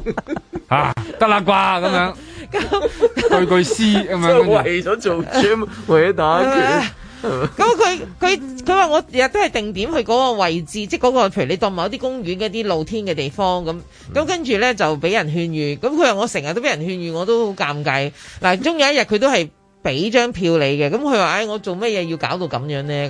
.吓得啦啩咁樣 句句詩咁樣，就是、為咗做 gym 為咗打拳。咁佢佢佢話我日日都係定點去嗰個位置，即係嗰個譬如你當某啲公園嗰啲露天嘅地方咁。咁跟住咧就俾人勸喻。咁佢話我成日都俾人勸喻，我都好尷尬。嗱，終有一日佢都係俾張票你嘅。咁佢話，哎，我做乜嘢要搞到咁樣咧？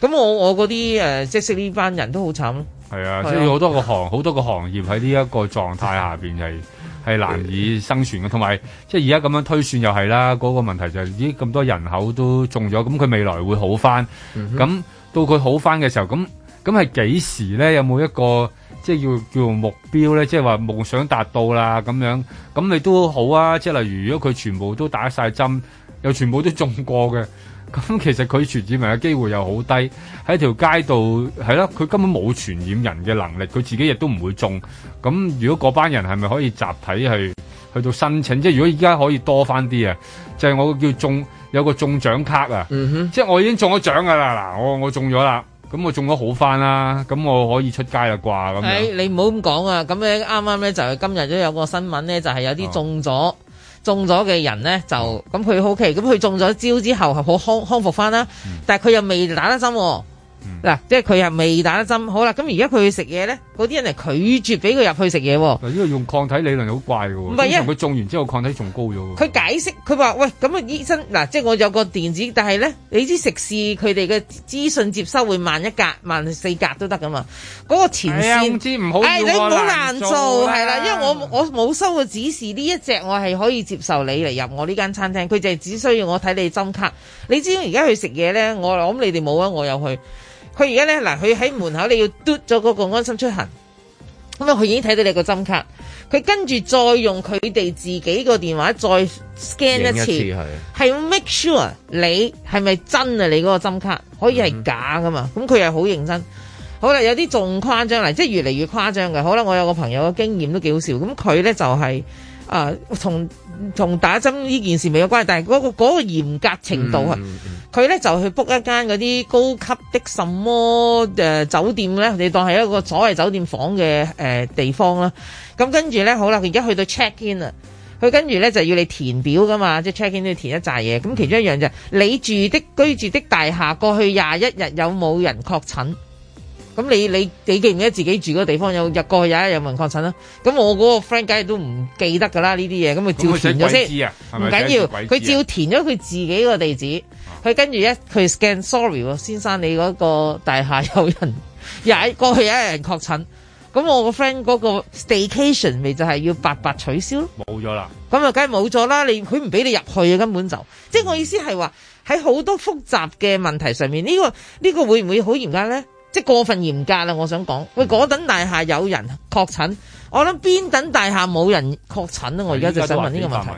咁咁我我嗰啲誒，即、嗯、係、呃就是、識呢班人都好慘咯。係啊，所以好多個行，好多個行業喺呢一個狀態下邊係。 係難以生存嘅，同埋即係而家咁樣推算又係啦。嗰、那個問題就係、是、咦咁多人口都中咗，咁佢未來會好翻？咁、嗯、到佢好翻嘅時候，咁咁係幾時咧？有冇一個即係要叫目標咧？即係話夢想達到啦咁樣，咁你都好啊！即係例如，如果佢全部都打晒針，又全部都中過嘅。咁 其實佢傳染嘅機會又好低，喺條街度係咯，佢、啊、根本冇傳染人嘅能力，佢自己亦都唔會中。咁如果嗰班人係咪可以集體去去到申請？即係如果而家可以多翻啲啊，就係、是、我叫中有個中獎卡啊、嗯，即係我已經中咗獎㗎啦。嗱，我我中咗啦，咁我中咗好翻啦，咁我可以出街啦啩？咁、okay，你唔好咁講啊！咁咧啱啱咧就係今日都有個新聞咧，就係、是、有啲中咗。嗯中咗嘅人呢，就咁佢好奇，咁佢、OK, 中咗招之後係好康康復返啦，但係佢又未打得針、哦，喎、嗯，即係佢又未打得針，好啦，咁而家佢去食嘢呢。嗰啲人係拒絕俾佢入去食嘢喎。嗱，呢個用抗體理論好怪喎。唔係啊，因為佢種完之後抗體仲高咗。佢解釋，佢話：喂，咁啊，醫生，嗱、啊，即係我有個電子，但係咧，你知食肆佢哋嘅資訊接收會慢一格、慢四格都得噶嘛。嗰、嗰個前線唔好、哎哎、你好難做，係啦，因為我我冇收過指示呢一隻，我係可以接受你嚟入我呢間餐廳。佢就係只需要我睇你針卡。你知而家去食嘢咧，我諗你哋冇啊，我有去。.佢而家咧嗱，佢喺門口，你要嘟咗嗰個個安心出行，咁啊佢已經睇到你個針卡，佢跟住再用佢哋自己個電話再 scan 一次，係 make sure 你係咪真啊？你嗰個針卡可以係假噶嘛？咁佢又好認真。好啦，有啲仲誇張啦，即係越嚟越誇張嘅。好啦，我有個朋友嘅經驗都幾好笑，咁佢咧就係、是、啊、呃、從。同打針呢件事未有關係，但係嗰、那個嗰、那個、嚴格程度啊，佢、嗯嗯、呢就去 book 一間嗰啲高級的什麼誒、呃、酒店咧，你當係一個所謂酒店房嘅誒、呃、地方啦。咁、嗯、跟住呢，好啦，佢而家去到 check in 啦，佢跟住呢，就要你填表噶嘛，即、就、係、是、check in 都要填一揸嘢。咁、嗯、其中一樣就係、是、你住的居住的大廈過去廿一日有冇人確診？咁你你你記唔記得自己住嗰個地方有日過去有一日有人確診啦？咁我嗰個 friend 梗係都唔記得噶啦呢啲嘢，咁咪照填咗先。唔緊要，佢、啊、照填咗佢自己個地址，佢、啊、跟住一佢 scan，sorry，先生你嗰個大廈有人入 過去有一人確診，咁我個 friend 嗰個 staycation 咪就係要白白取消咯。冇咗啦，咁啊梗係冇咗啦！你佢唔俾你入去啊，根本就即係我意思係話喺好多複雜嘅問題上面，呢、這個呢、這個會唔會好嚴格咧？即係過分嚴格啦，我想講，喂，嗰等大廈有人確診，我諗邊等大廈冇人確診啊！我而家就想問呢個問題。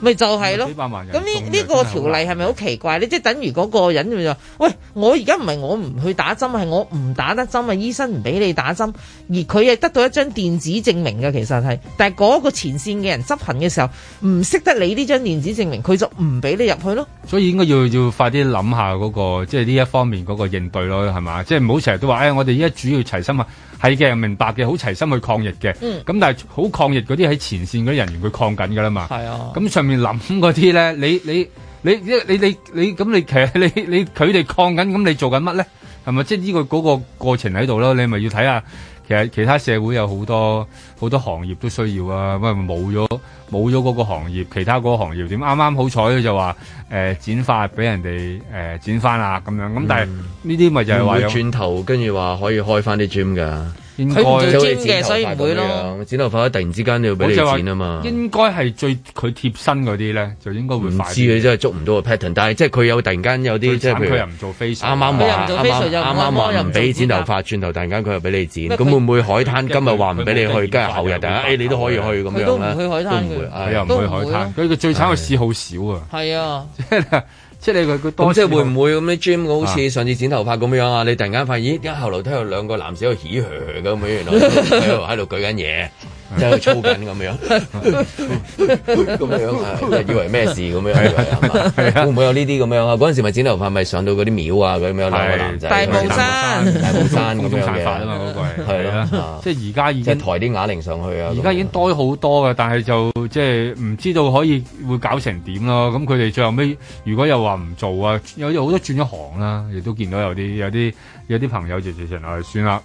咪就係咯，幾百萬人，咁呢呢個條例係咪好奇怪咧？即係等於嗰個人就話，喂，我而家唔係我唔去打針，係我唔打得針啊！醫生唔俾你打針，而佢係得到一張電子證明嘅其實係，但係嗰個前線嘅人執行嘅時候，唔識得你呢張電子證明，佢就唔俾你入去咯。所以應該要要快啲諗下嗰個，即係呢一方面嗰個應對咯，係嘛？即係唔好成日都話，誒、哎，我哋依家主要齊心啊！係嘅，明白嘅，好齊心去抗疫嘅。咁、嗯、但係好抗疫嗰啲喺前線嗰啲人員，佢抗緊噶啦嘛。咁、啊、上面諗嗰啲咧，你你你你你你咁你其實你你佢哋抗緊，咁你做緊乜咧？係咪即係、這、呢個嗰、嗰個過程喺度咯？你咪要睇下。其實其他社會有好多好多行業都需要啊，唔係冇咗冇咗嗰個行業，其他嗰個行業點？啱啱好彩咧就話誒剪髮俾人哋誒剪翻啦咁樣，咁但係呢啲咪就係話轉頭跟住話可以開翻啲 gym 噶。佢唔做精嘅，所以唔會咯。剪頭髮突然之間你要俾你剪啊嘛。應該係最佢貼身嗰啲咧，就應該會快。唔知佢真係捉唔到個 pattern，但係即係佢有突然間有啲即係譬如佢又唔做 face，啱啱話，啱啱話唔俾剪頭髮，轉頭突然間佢又俾你剪。咁會唔會海灘今日話唔俾你去，跟住後日突然間，哎，哎你都可以去咁樣都唔去海灘嘅，都唔去海灘。佢最慘嘅事好少啊。係啊。 即係你佢佢多咁即係會唔會咁咧？Gym 好似上次剪頭髮咁樣啊！你突然間發現，咦，而家後樓梯有兩個男仔喺度起鬨咁樣，原來喺度喺度舉緊嘢。 即 係操緊咁樣，樣，咁樣以為咩事咁樣？係會唔會有呢啲咁樣啊？嗰陣時咪剪頭髮，咪上到嗰啲廟啊，咁樣兩個男仔。大帽山，大帽山咁樣下變種啊嘛，嗰、嗰個係。即係而家已經。即係抬啲啞鈴上去啊！而家已經多好多噶，但係就即係唔知道可以會搞成點咯。咁佢哋最後尾，如果又話唔做啊，有好多轉咗行啦，亦都見到有啲有啲有啲朋友就就誒、哎、算啦。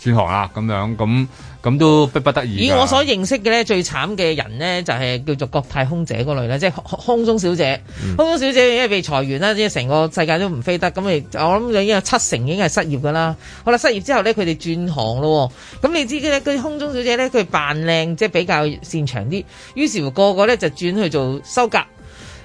轉行啦、啊，咁樣咁咁都逼不得已。以我所認識嘅咧，最慘嘅人咧就係、是、叫做國泰空姐嗰類咧，即係空中小姐、嗯。空中小姐因為被裁員啦，即係成個世界都唔飛得，咁咪我諗就已經有七成已經係失業噶啦。好啦，失業之後咧，佢哋轉行咯。咁你知嘅咧，啲空中小姐咧，佢扮靚即係比較擅長啲，於是乎個個咧就轉去做修甲。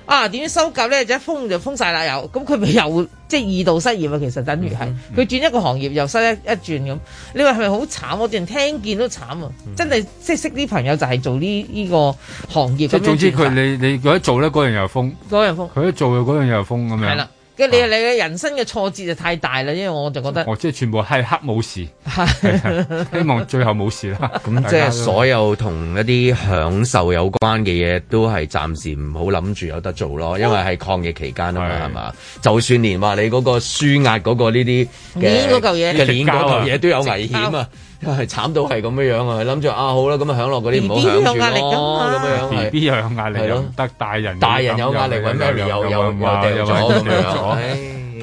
啊，點樣收購咧？就一封就封晒啦！又咁佢咪又即係二度失業啊？其實等於係佢、嗯嗯、轉一個行業又失一一轉咁。你話係咪好慘？我連聽見都慘啊、嗯！真係即係識啲朋友就係做呢呢、呢個行業。即係總之佢你你嗰做咧嗰樣又封，嗰樣封，佢一做嘅嗰樣又封咁樣封。你你嘅人生嘅挫折就太大啦，因為我就覺得，哦，即係全部係黑冇事， 希望最後冇事啦。咁即係所有同一啲享受有關嘅嘢，都係暫時唔好諗住有得做咯，因為係抗疫期間啊嘛，係、啊、嘛，就算連話你嗰個舒壓嗰個呢啲，碾嗰嚿嘢，碾嗰嚿嘢都有危險啊！係慘到係咁樣啊！諗住啊好啦，咁啊響落嗰啲唔好響住咯，咁樣樣又 B B 有壓力咯，得大人大人有壓力，揾命有有話又話跟住，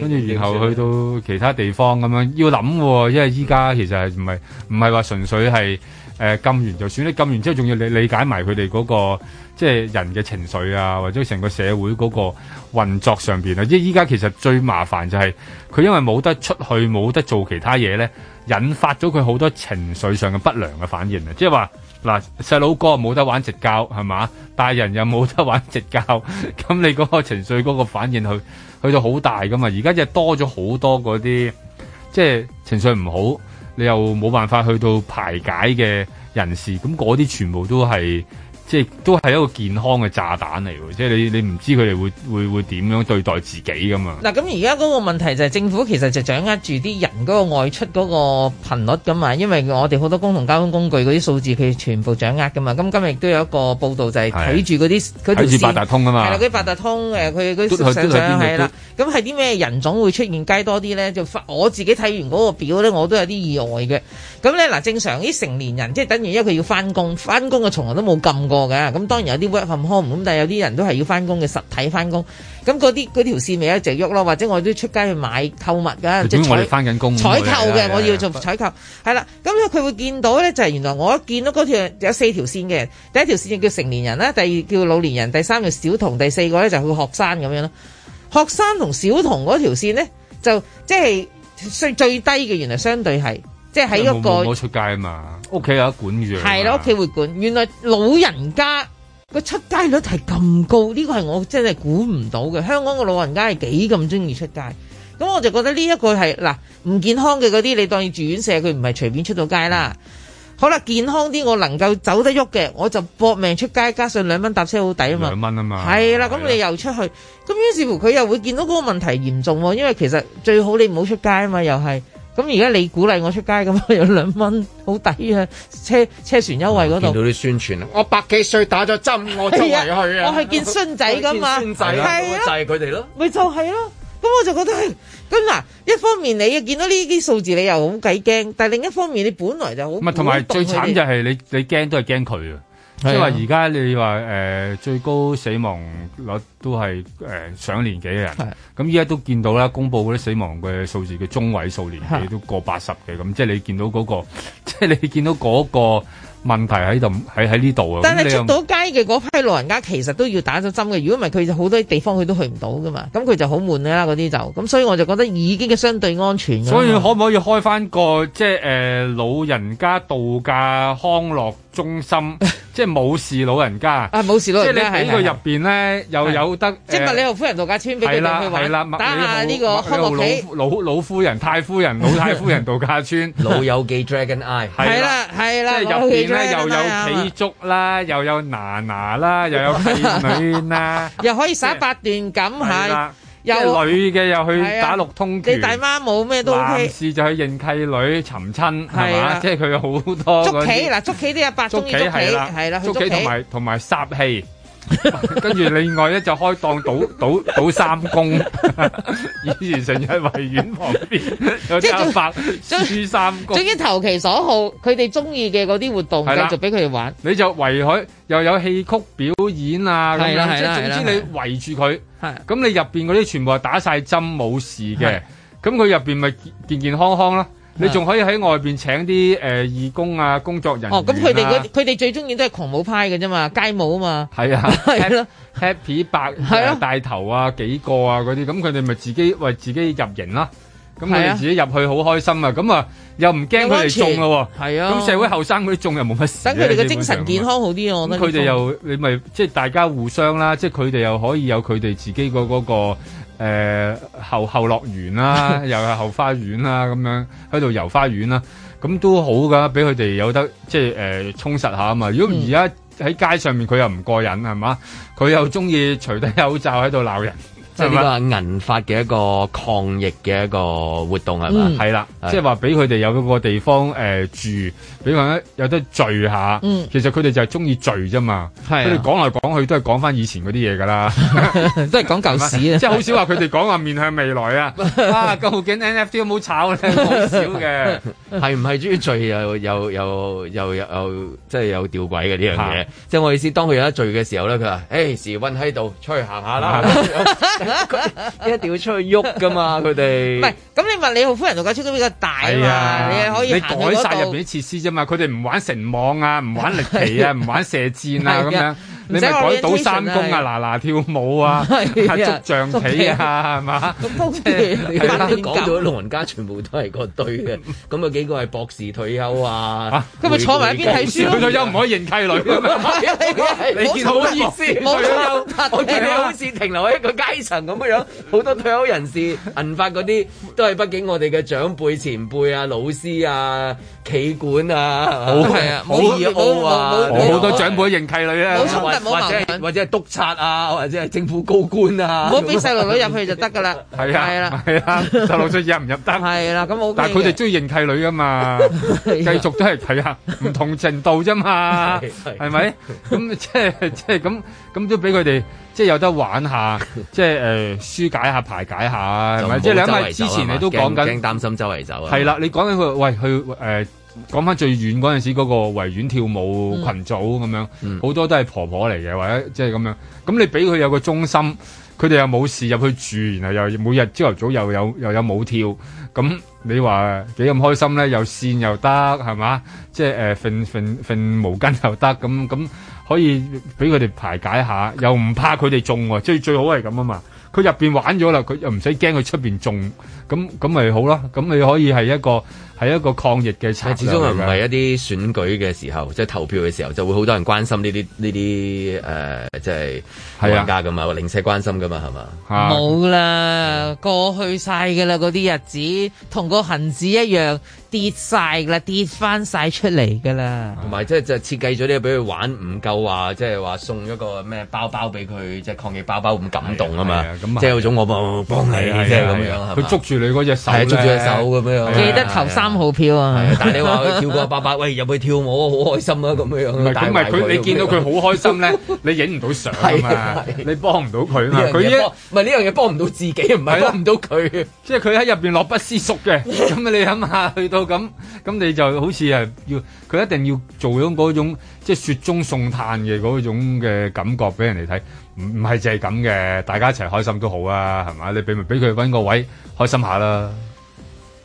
跟住然後去到其他地方咁樣要諗，因為依家其實係唔係唔係話純粹係誒撳完就算，撳完之後仲要理理解埋佢哋嗰個。即係人嘅情緒啊，或者成個社會嗰個運作上面，啊，即係依家其實最麻煩就係佢，因為冇得出去，冇得做其他嘢咧，引發咗佢好多情緒上嘅不良嘅反應啊！即係話嗱，細佬哥冇得玩直教係嘛，大人又冇得玩直教，咁你嗰個情緒嗰個反應去去到好大噶嘛？而家即係多咗好多嗰啲即係情緒唔好，你又冇辦法去到排解嘅人士，咁嗰啲全部都係。即係都係一個健康嘅炸彈嚟喎，即係你你唔知佢哋會會會點樣對待自己噶嘛。嗱，咁而家嗰個問題就係政府其實就掌握住啲人嗰個外出嗰個頻率噶嘛，因為我哋好多公共交通工具嗰啲數字佢全部掌握噶嘛。咁今日亦都有一個報道就係睇住嗰啲睇住八達通啊嘛，係啦，嗰啲八達通誒，佢佢上上係啦。咁係啲咩人總會出現街多啲咧？就發我自己睇完嗰個表咧，我都有啲意外嘅。咁咧嗱，正常啲成年人即係等於因為佢要翻工，翻工佢從來都冇撳過。咁，當然有啲 work from home 咁，但係有啲人都係要翻工嘅實體翻工。咁嗰啲嗰條線咪一直喐咯，或者我都出街去買購物㗎，即係我哋返緊工、採購嘅，我要做採購。係啦，咁佢會見到咧，就係、是、原來我一見到嗰條有四條線嘅，第一條線叫成年人啦，第二叫老年人，第三叫小童，第四個咧就去學生咁樣咯。學生同小童嗰條線咧，就即係最最低嘅，原來相對係。即係喺一個我出街啊嘛，屋企有得管住。係咯，屋企會管。原來老人家個出街率係咁高，呢、這個係我真係估唔到嘅。香港嘅老人家係幾咁中意出街，咁我就覺得呢一個係嗱唔健康嘅嗰啲，你當住院舍佢唔係隨便出到街啦，嗯。好啦，健康啲我能夠走得喐嘅，我就搏命出街，加上兩蚊搭車好抵啊嘛。兩蚊啊嘛，係啦，咁你又出去，咁於是乎佢又會見到嗰個問題嚴重，啊，因為其實最好你唔好出街啊嘛，又係。咁而家你鼓勵我出街咁，有兩蚊好抵啊！車車船優惠嗰度見到你宣傳啊！我百幾歲打咗針，我周圍去啊！我係見孫仔噶嘛，孫仔，啊，就係佢哋咯，咪就係咯。咁我就覺得係咁嗱。一方面你見到呢啲數字，你又好鬼驚；但另一方面你本來就好唔係，同埋最慘就係你你驚都係驚佢啊！即係話而家你話誒、呃，最高死亡率都係誒、呃、上年紀嘅人。咁，依家都見到啦，公布嗰啲死亡嘅數字嘅中位數年紀都過八十嘅，咁即係你見到嗰個，即係你見到嗰個問題喺度，喺喺呢度啊。但係出到街嘅嗰批老人家，其實都要打咗針嘅。如果唔係，佢就好多地方佢都去唔到噶嘛。咁佢就好悶啦。嗰啲就咁，所以我就覺得已經嘅相對安全。所以可唔可以開翻個即係誒老人家度假康樂中心？ 即係冇事、啊、冇事老人家，即係你喺呢個入面咧又有得，係係呃、即係麥理浩夫人度假村俾佢哋去玩，係係係打下呢個康樂老老老夫人、 太夫人、老太夫人度假村 老，老友記 Dragon Eye 係啦係啦，即係入面咧又有企竹啦、啊，又有奶奶啦，又有女女啦， 又可以耍八段錦有女嘅又去打六通，你大媽冇咩都 OK。事就去認契女、尋親，係嘛？即係佢有好多。捉棋嗱，捉棋啲阿伯捉棋係啦，係啦。捉棋同埋同埋殺氣，跟住另外咧就開檔賭賭賭三公，以前成日喺維園旁邊有啲阿伯輸三公。終於投其所好，佢哋中意嘅嗰啲活動繼續俾佢哋玩。你就圍佢，又有戲曲表演啊咁樣，即係總之你圍住佢。係，咁你入邊嗰啲全部係打晒針冇事嘅，咁佢入邊咪健健康康咯，你仲可以喺外邊請啲誒、呃、義工啊、工作人員、啊、哦，咁佢哋佢哋最中意都係狂舞派嘅啫嘛，街舞啊嘛。係啊，係 咯 ，Happy 八 帶白、 呃、頭啊幾個啊嗰啲，咁佢哋咪自己為自己入營啦。咁佢哋自己入去好開心啊！咁啊又唔驚佢哋種咯喎，係啊！咁社會後生嗰啲種又冇乜事啊，等佢哋嘅精神健康好啲啊！我覺得。佢哋又你咪即係大家互相啦，即係佢哋又可以有佢哋自己、個嗰個誒後後樂園啦， 又係後花園啦、啊，咁樣喺度遊花園啦、啊，咁都好㗎，俾佢哋有得即係誒充實下啊嘛！如果而家喺街上面佢又唔過癮係嘛？佢又中意除低口罩喺度鬧人。即係呢個銀發嘅一個抗疫嘅一個活動係嘛？係啦，即係話俾佢哋有嗰個地方誒、呃、住，俾佢哋有得聚下、嗯。其實佢哋就係中意聚啫嘛。係、啊，佢哋講來講去都係講翻以前嗰啲嘢㗎啦，都係講舊史啊。即係好少話佢哋講話面向未來 啊！究竟 NFT 有冇炒咧？好少嘅。係唔係中意聚又又又又又即係有吊詭嘅呢樣嘢？即係我意思，當佢有得聚嘅時候咧，佢話，誒、hey, 時運喺度，出去行下啦。 一定要出去喐噶嘛，佢 哋。唔係，咁你話麥理浩夫人同家超都比較大嘛啊，你可以、那個、你改晒入面啲設施啫嘛，佢哋唔玩城網啊，唔玩歷奇啊，唔 玩射箭啊咁、啊、樣。你咪改倒三公啊！嗱嗱跳舞啊，下捉、啊、象棋啊，係、okay，嘛？咁、嗯，當、嗯、天、嗯嗯嗯嗯嗯啊、你講到、嗯、老人家全部都係個對嘅，咁啊幾個係博士退休啊，咁、啊、咪坐埋一邊睇書咯？退休唔可以認契女㗎、啊、嘛、啊啊啊啊？你唔好意思，吵吵我見、啊、你好似停留喺一個階層咁嘅樣，好多退休人士銀發嗰啲都係畢竟我哋嘅長輩前輩啊、老師啊、企管啊、好嘅、好嘢啊，好多長輩認契女啊。或者係督察啊，或者係政府高官啊，唔好俾細路女入去就得噶啦。係啊，係啦，係啊，細路仔入唔入得？係啦、啊，咁、OK、但係佢哋鍾意認契女㗎嘛、啊，繼續都係睇下，唔同程度啫嘛，係咪？咁即係即係咁咁都俾佢哋即係有得玩下，即係誒舒解下、排解下係咪？即係你因為之前你都講緊，驚擔心周圍走啊。係啦，你講緊佢喂佢講翻最遠嗰陣時，嗰個維園跳舞群組咁樣，好、嗯、多都係婆婆嚟嘅，或者即係咁樣。咁你俾佢有個中心，佢哋又冇事入去住，然後又每日朝頭早又有又有舞跳。咁你話幾咁開心咧？又扇又得，係嘛？即係誒毛巾又得。咁咁可以俾佢哋排解下，又唔怕佢哋中喎、啊。係最好係咁啊嘛！佢入邊玩咗啦，佢又唔使驚佢出面中。咁咁咪好咯，咁你可以係一個係一個抗疫嘅，始終唔係一啲選舉嘅時候，即、就、係、是、投票嘅時候就會好多人關心呢啲呢啲誒，即係國家噶嘛，零舍、啊、關心噶嘛，係嘛？冇啦、啊啊，過去晒嘅啦，嗰啲日子同個恆指一樣跌晒嘅啦，跌翻晒出嚟嘅啦。同埋即係就設計咗啲，俾佢玩唔夠話即係話送一個咩包包俾佢，即、就、係、是、抗疫包包咁感動啊嘛，即係嗰種我幫幫你即係咁樣佢捉、啊啊、住。你嗰隻手，捉手咁樣，記得投三號票啊！啊啊啊但係你話佢跳過八百，喂入去跳舞好開心啊，咁樣。唔係，咁唔係佢，你見到佢好開心咧， 你影唔到相啊嘛、啊，你幫唔到佢啊嘛。佢一唔係呢樣嘢幫唔到自己，唔係幫唔到佢。即係佢喺入邊樂不思蜀嘅，咁 啊你諗下，去到咁，咁你就好似係要，佢一定要做咗嗰種。即係雪中送炭嘅嗰種嘅感覺俾人哋睇，唔，唔係淨係咁嘅，大家一齊開心都好啊，係咪？你俾唔俾佢揾個位開心下啦。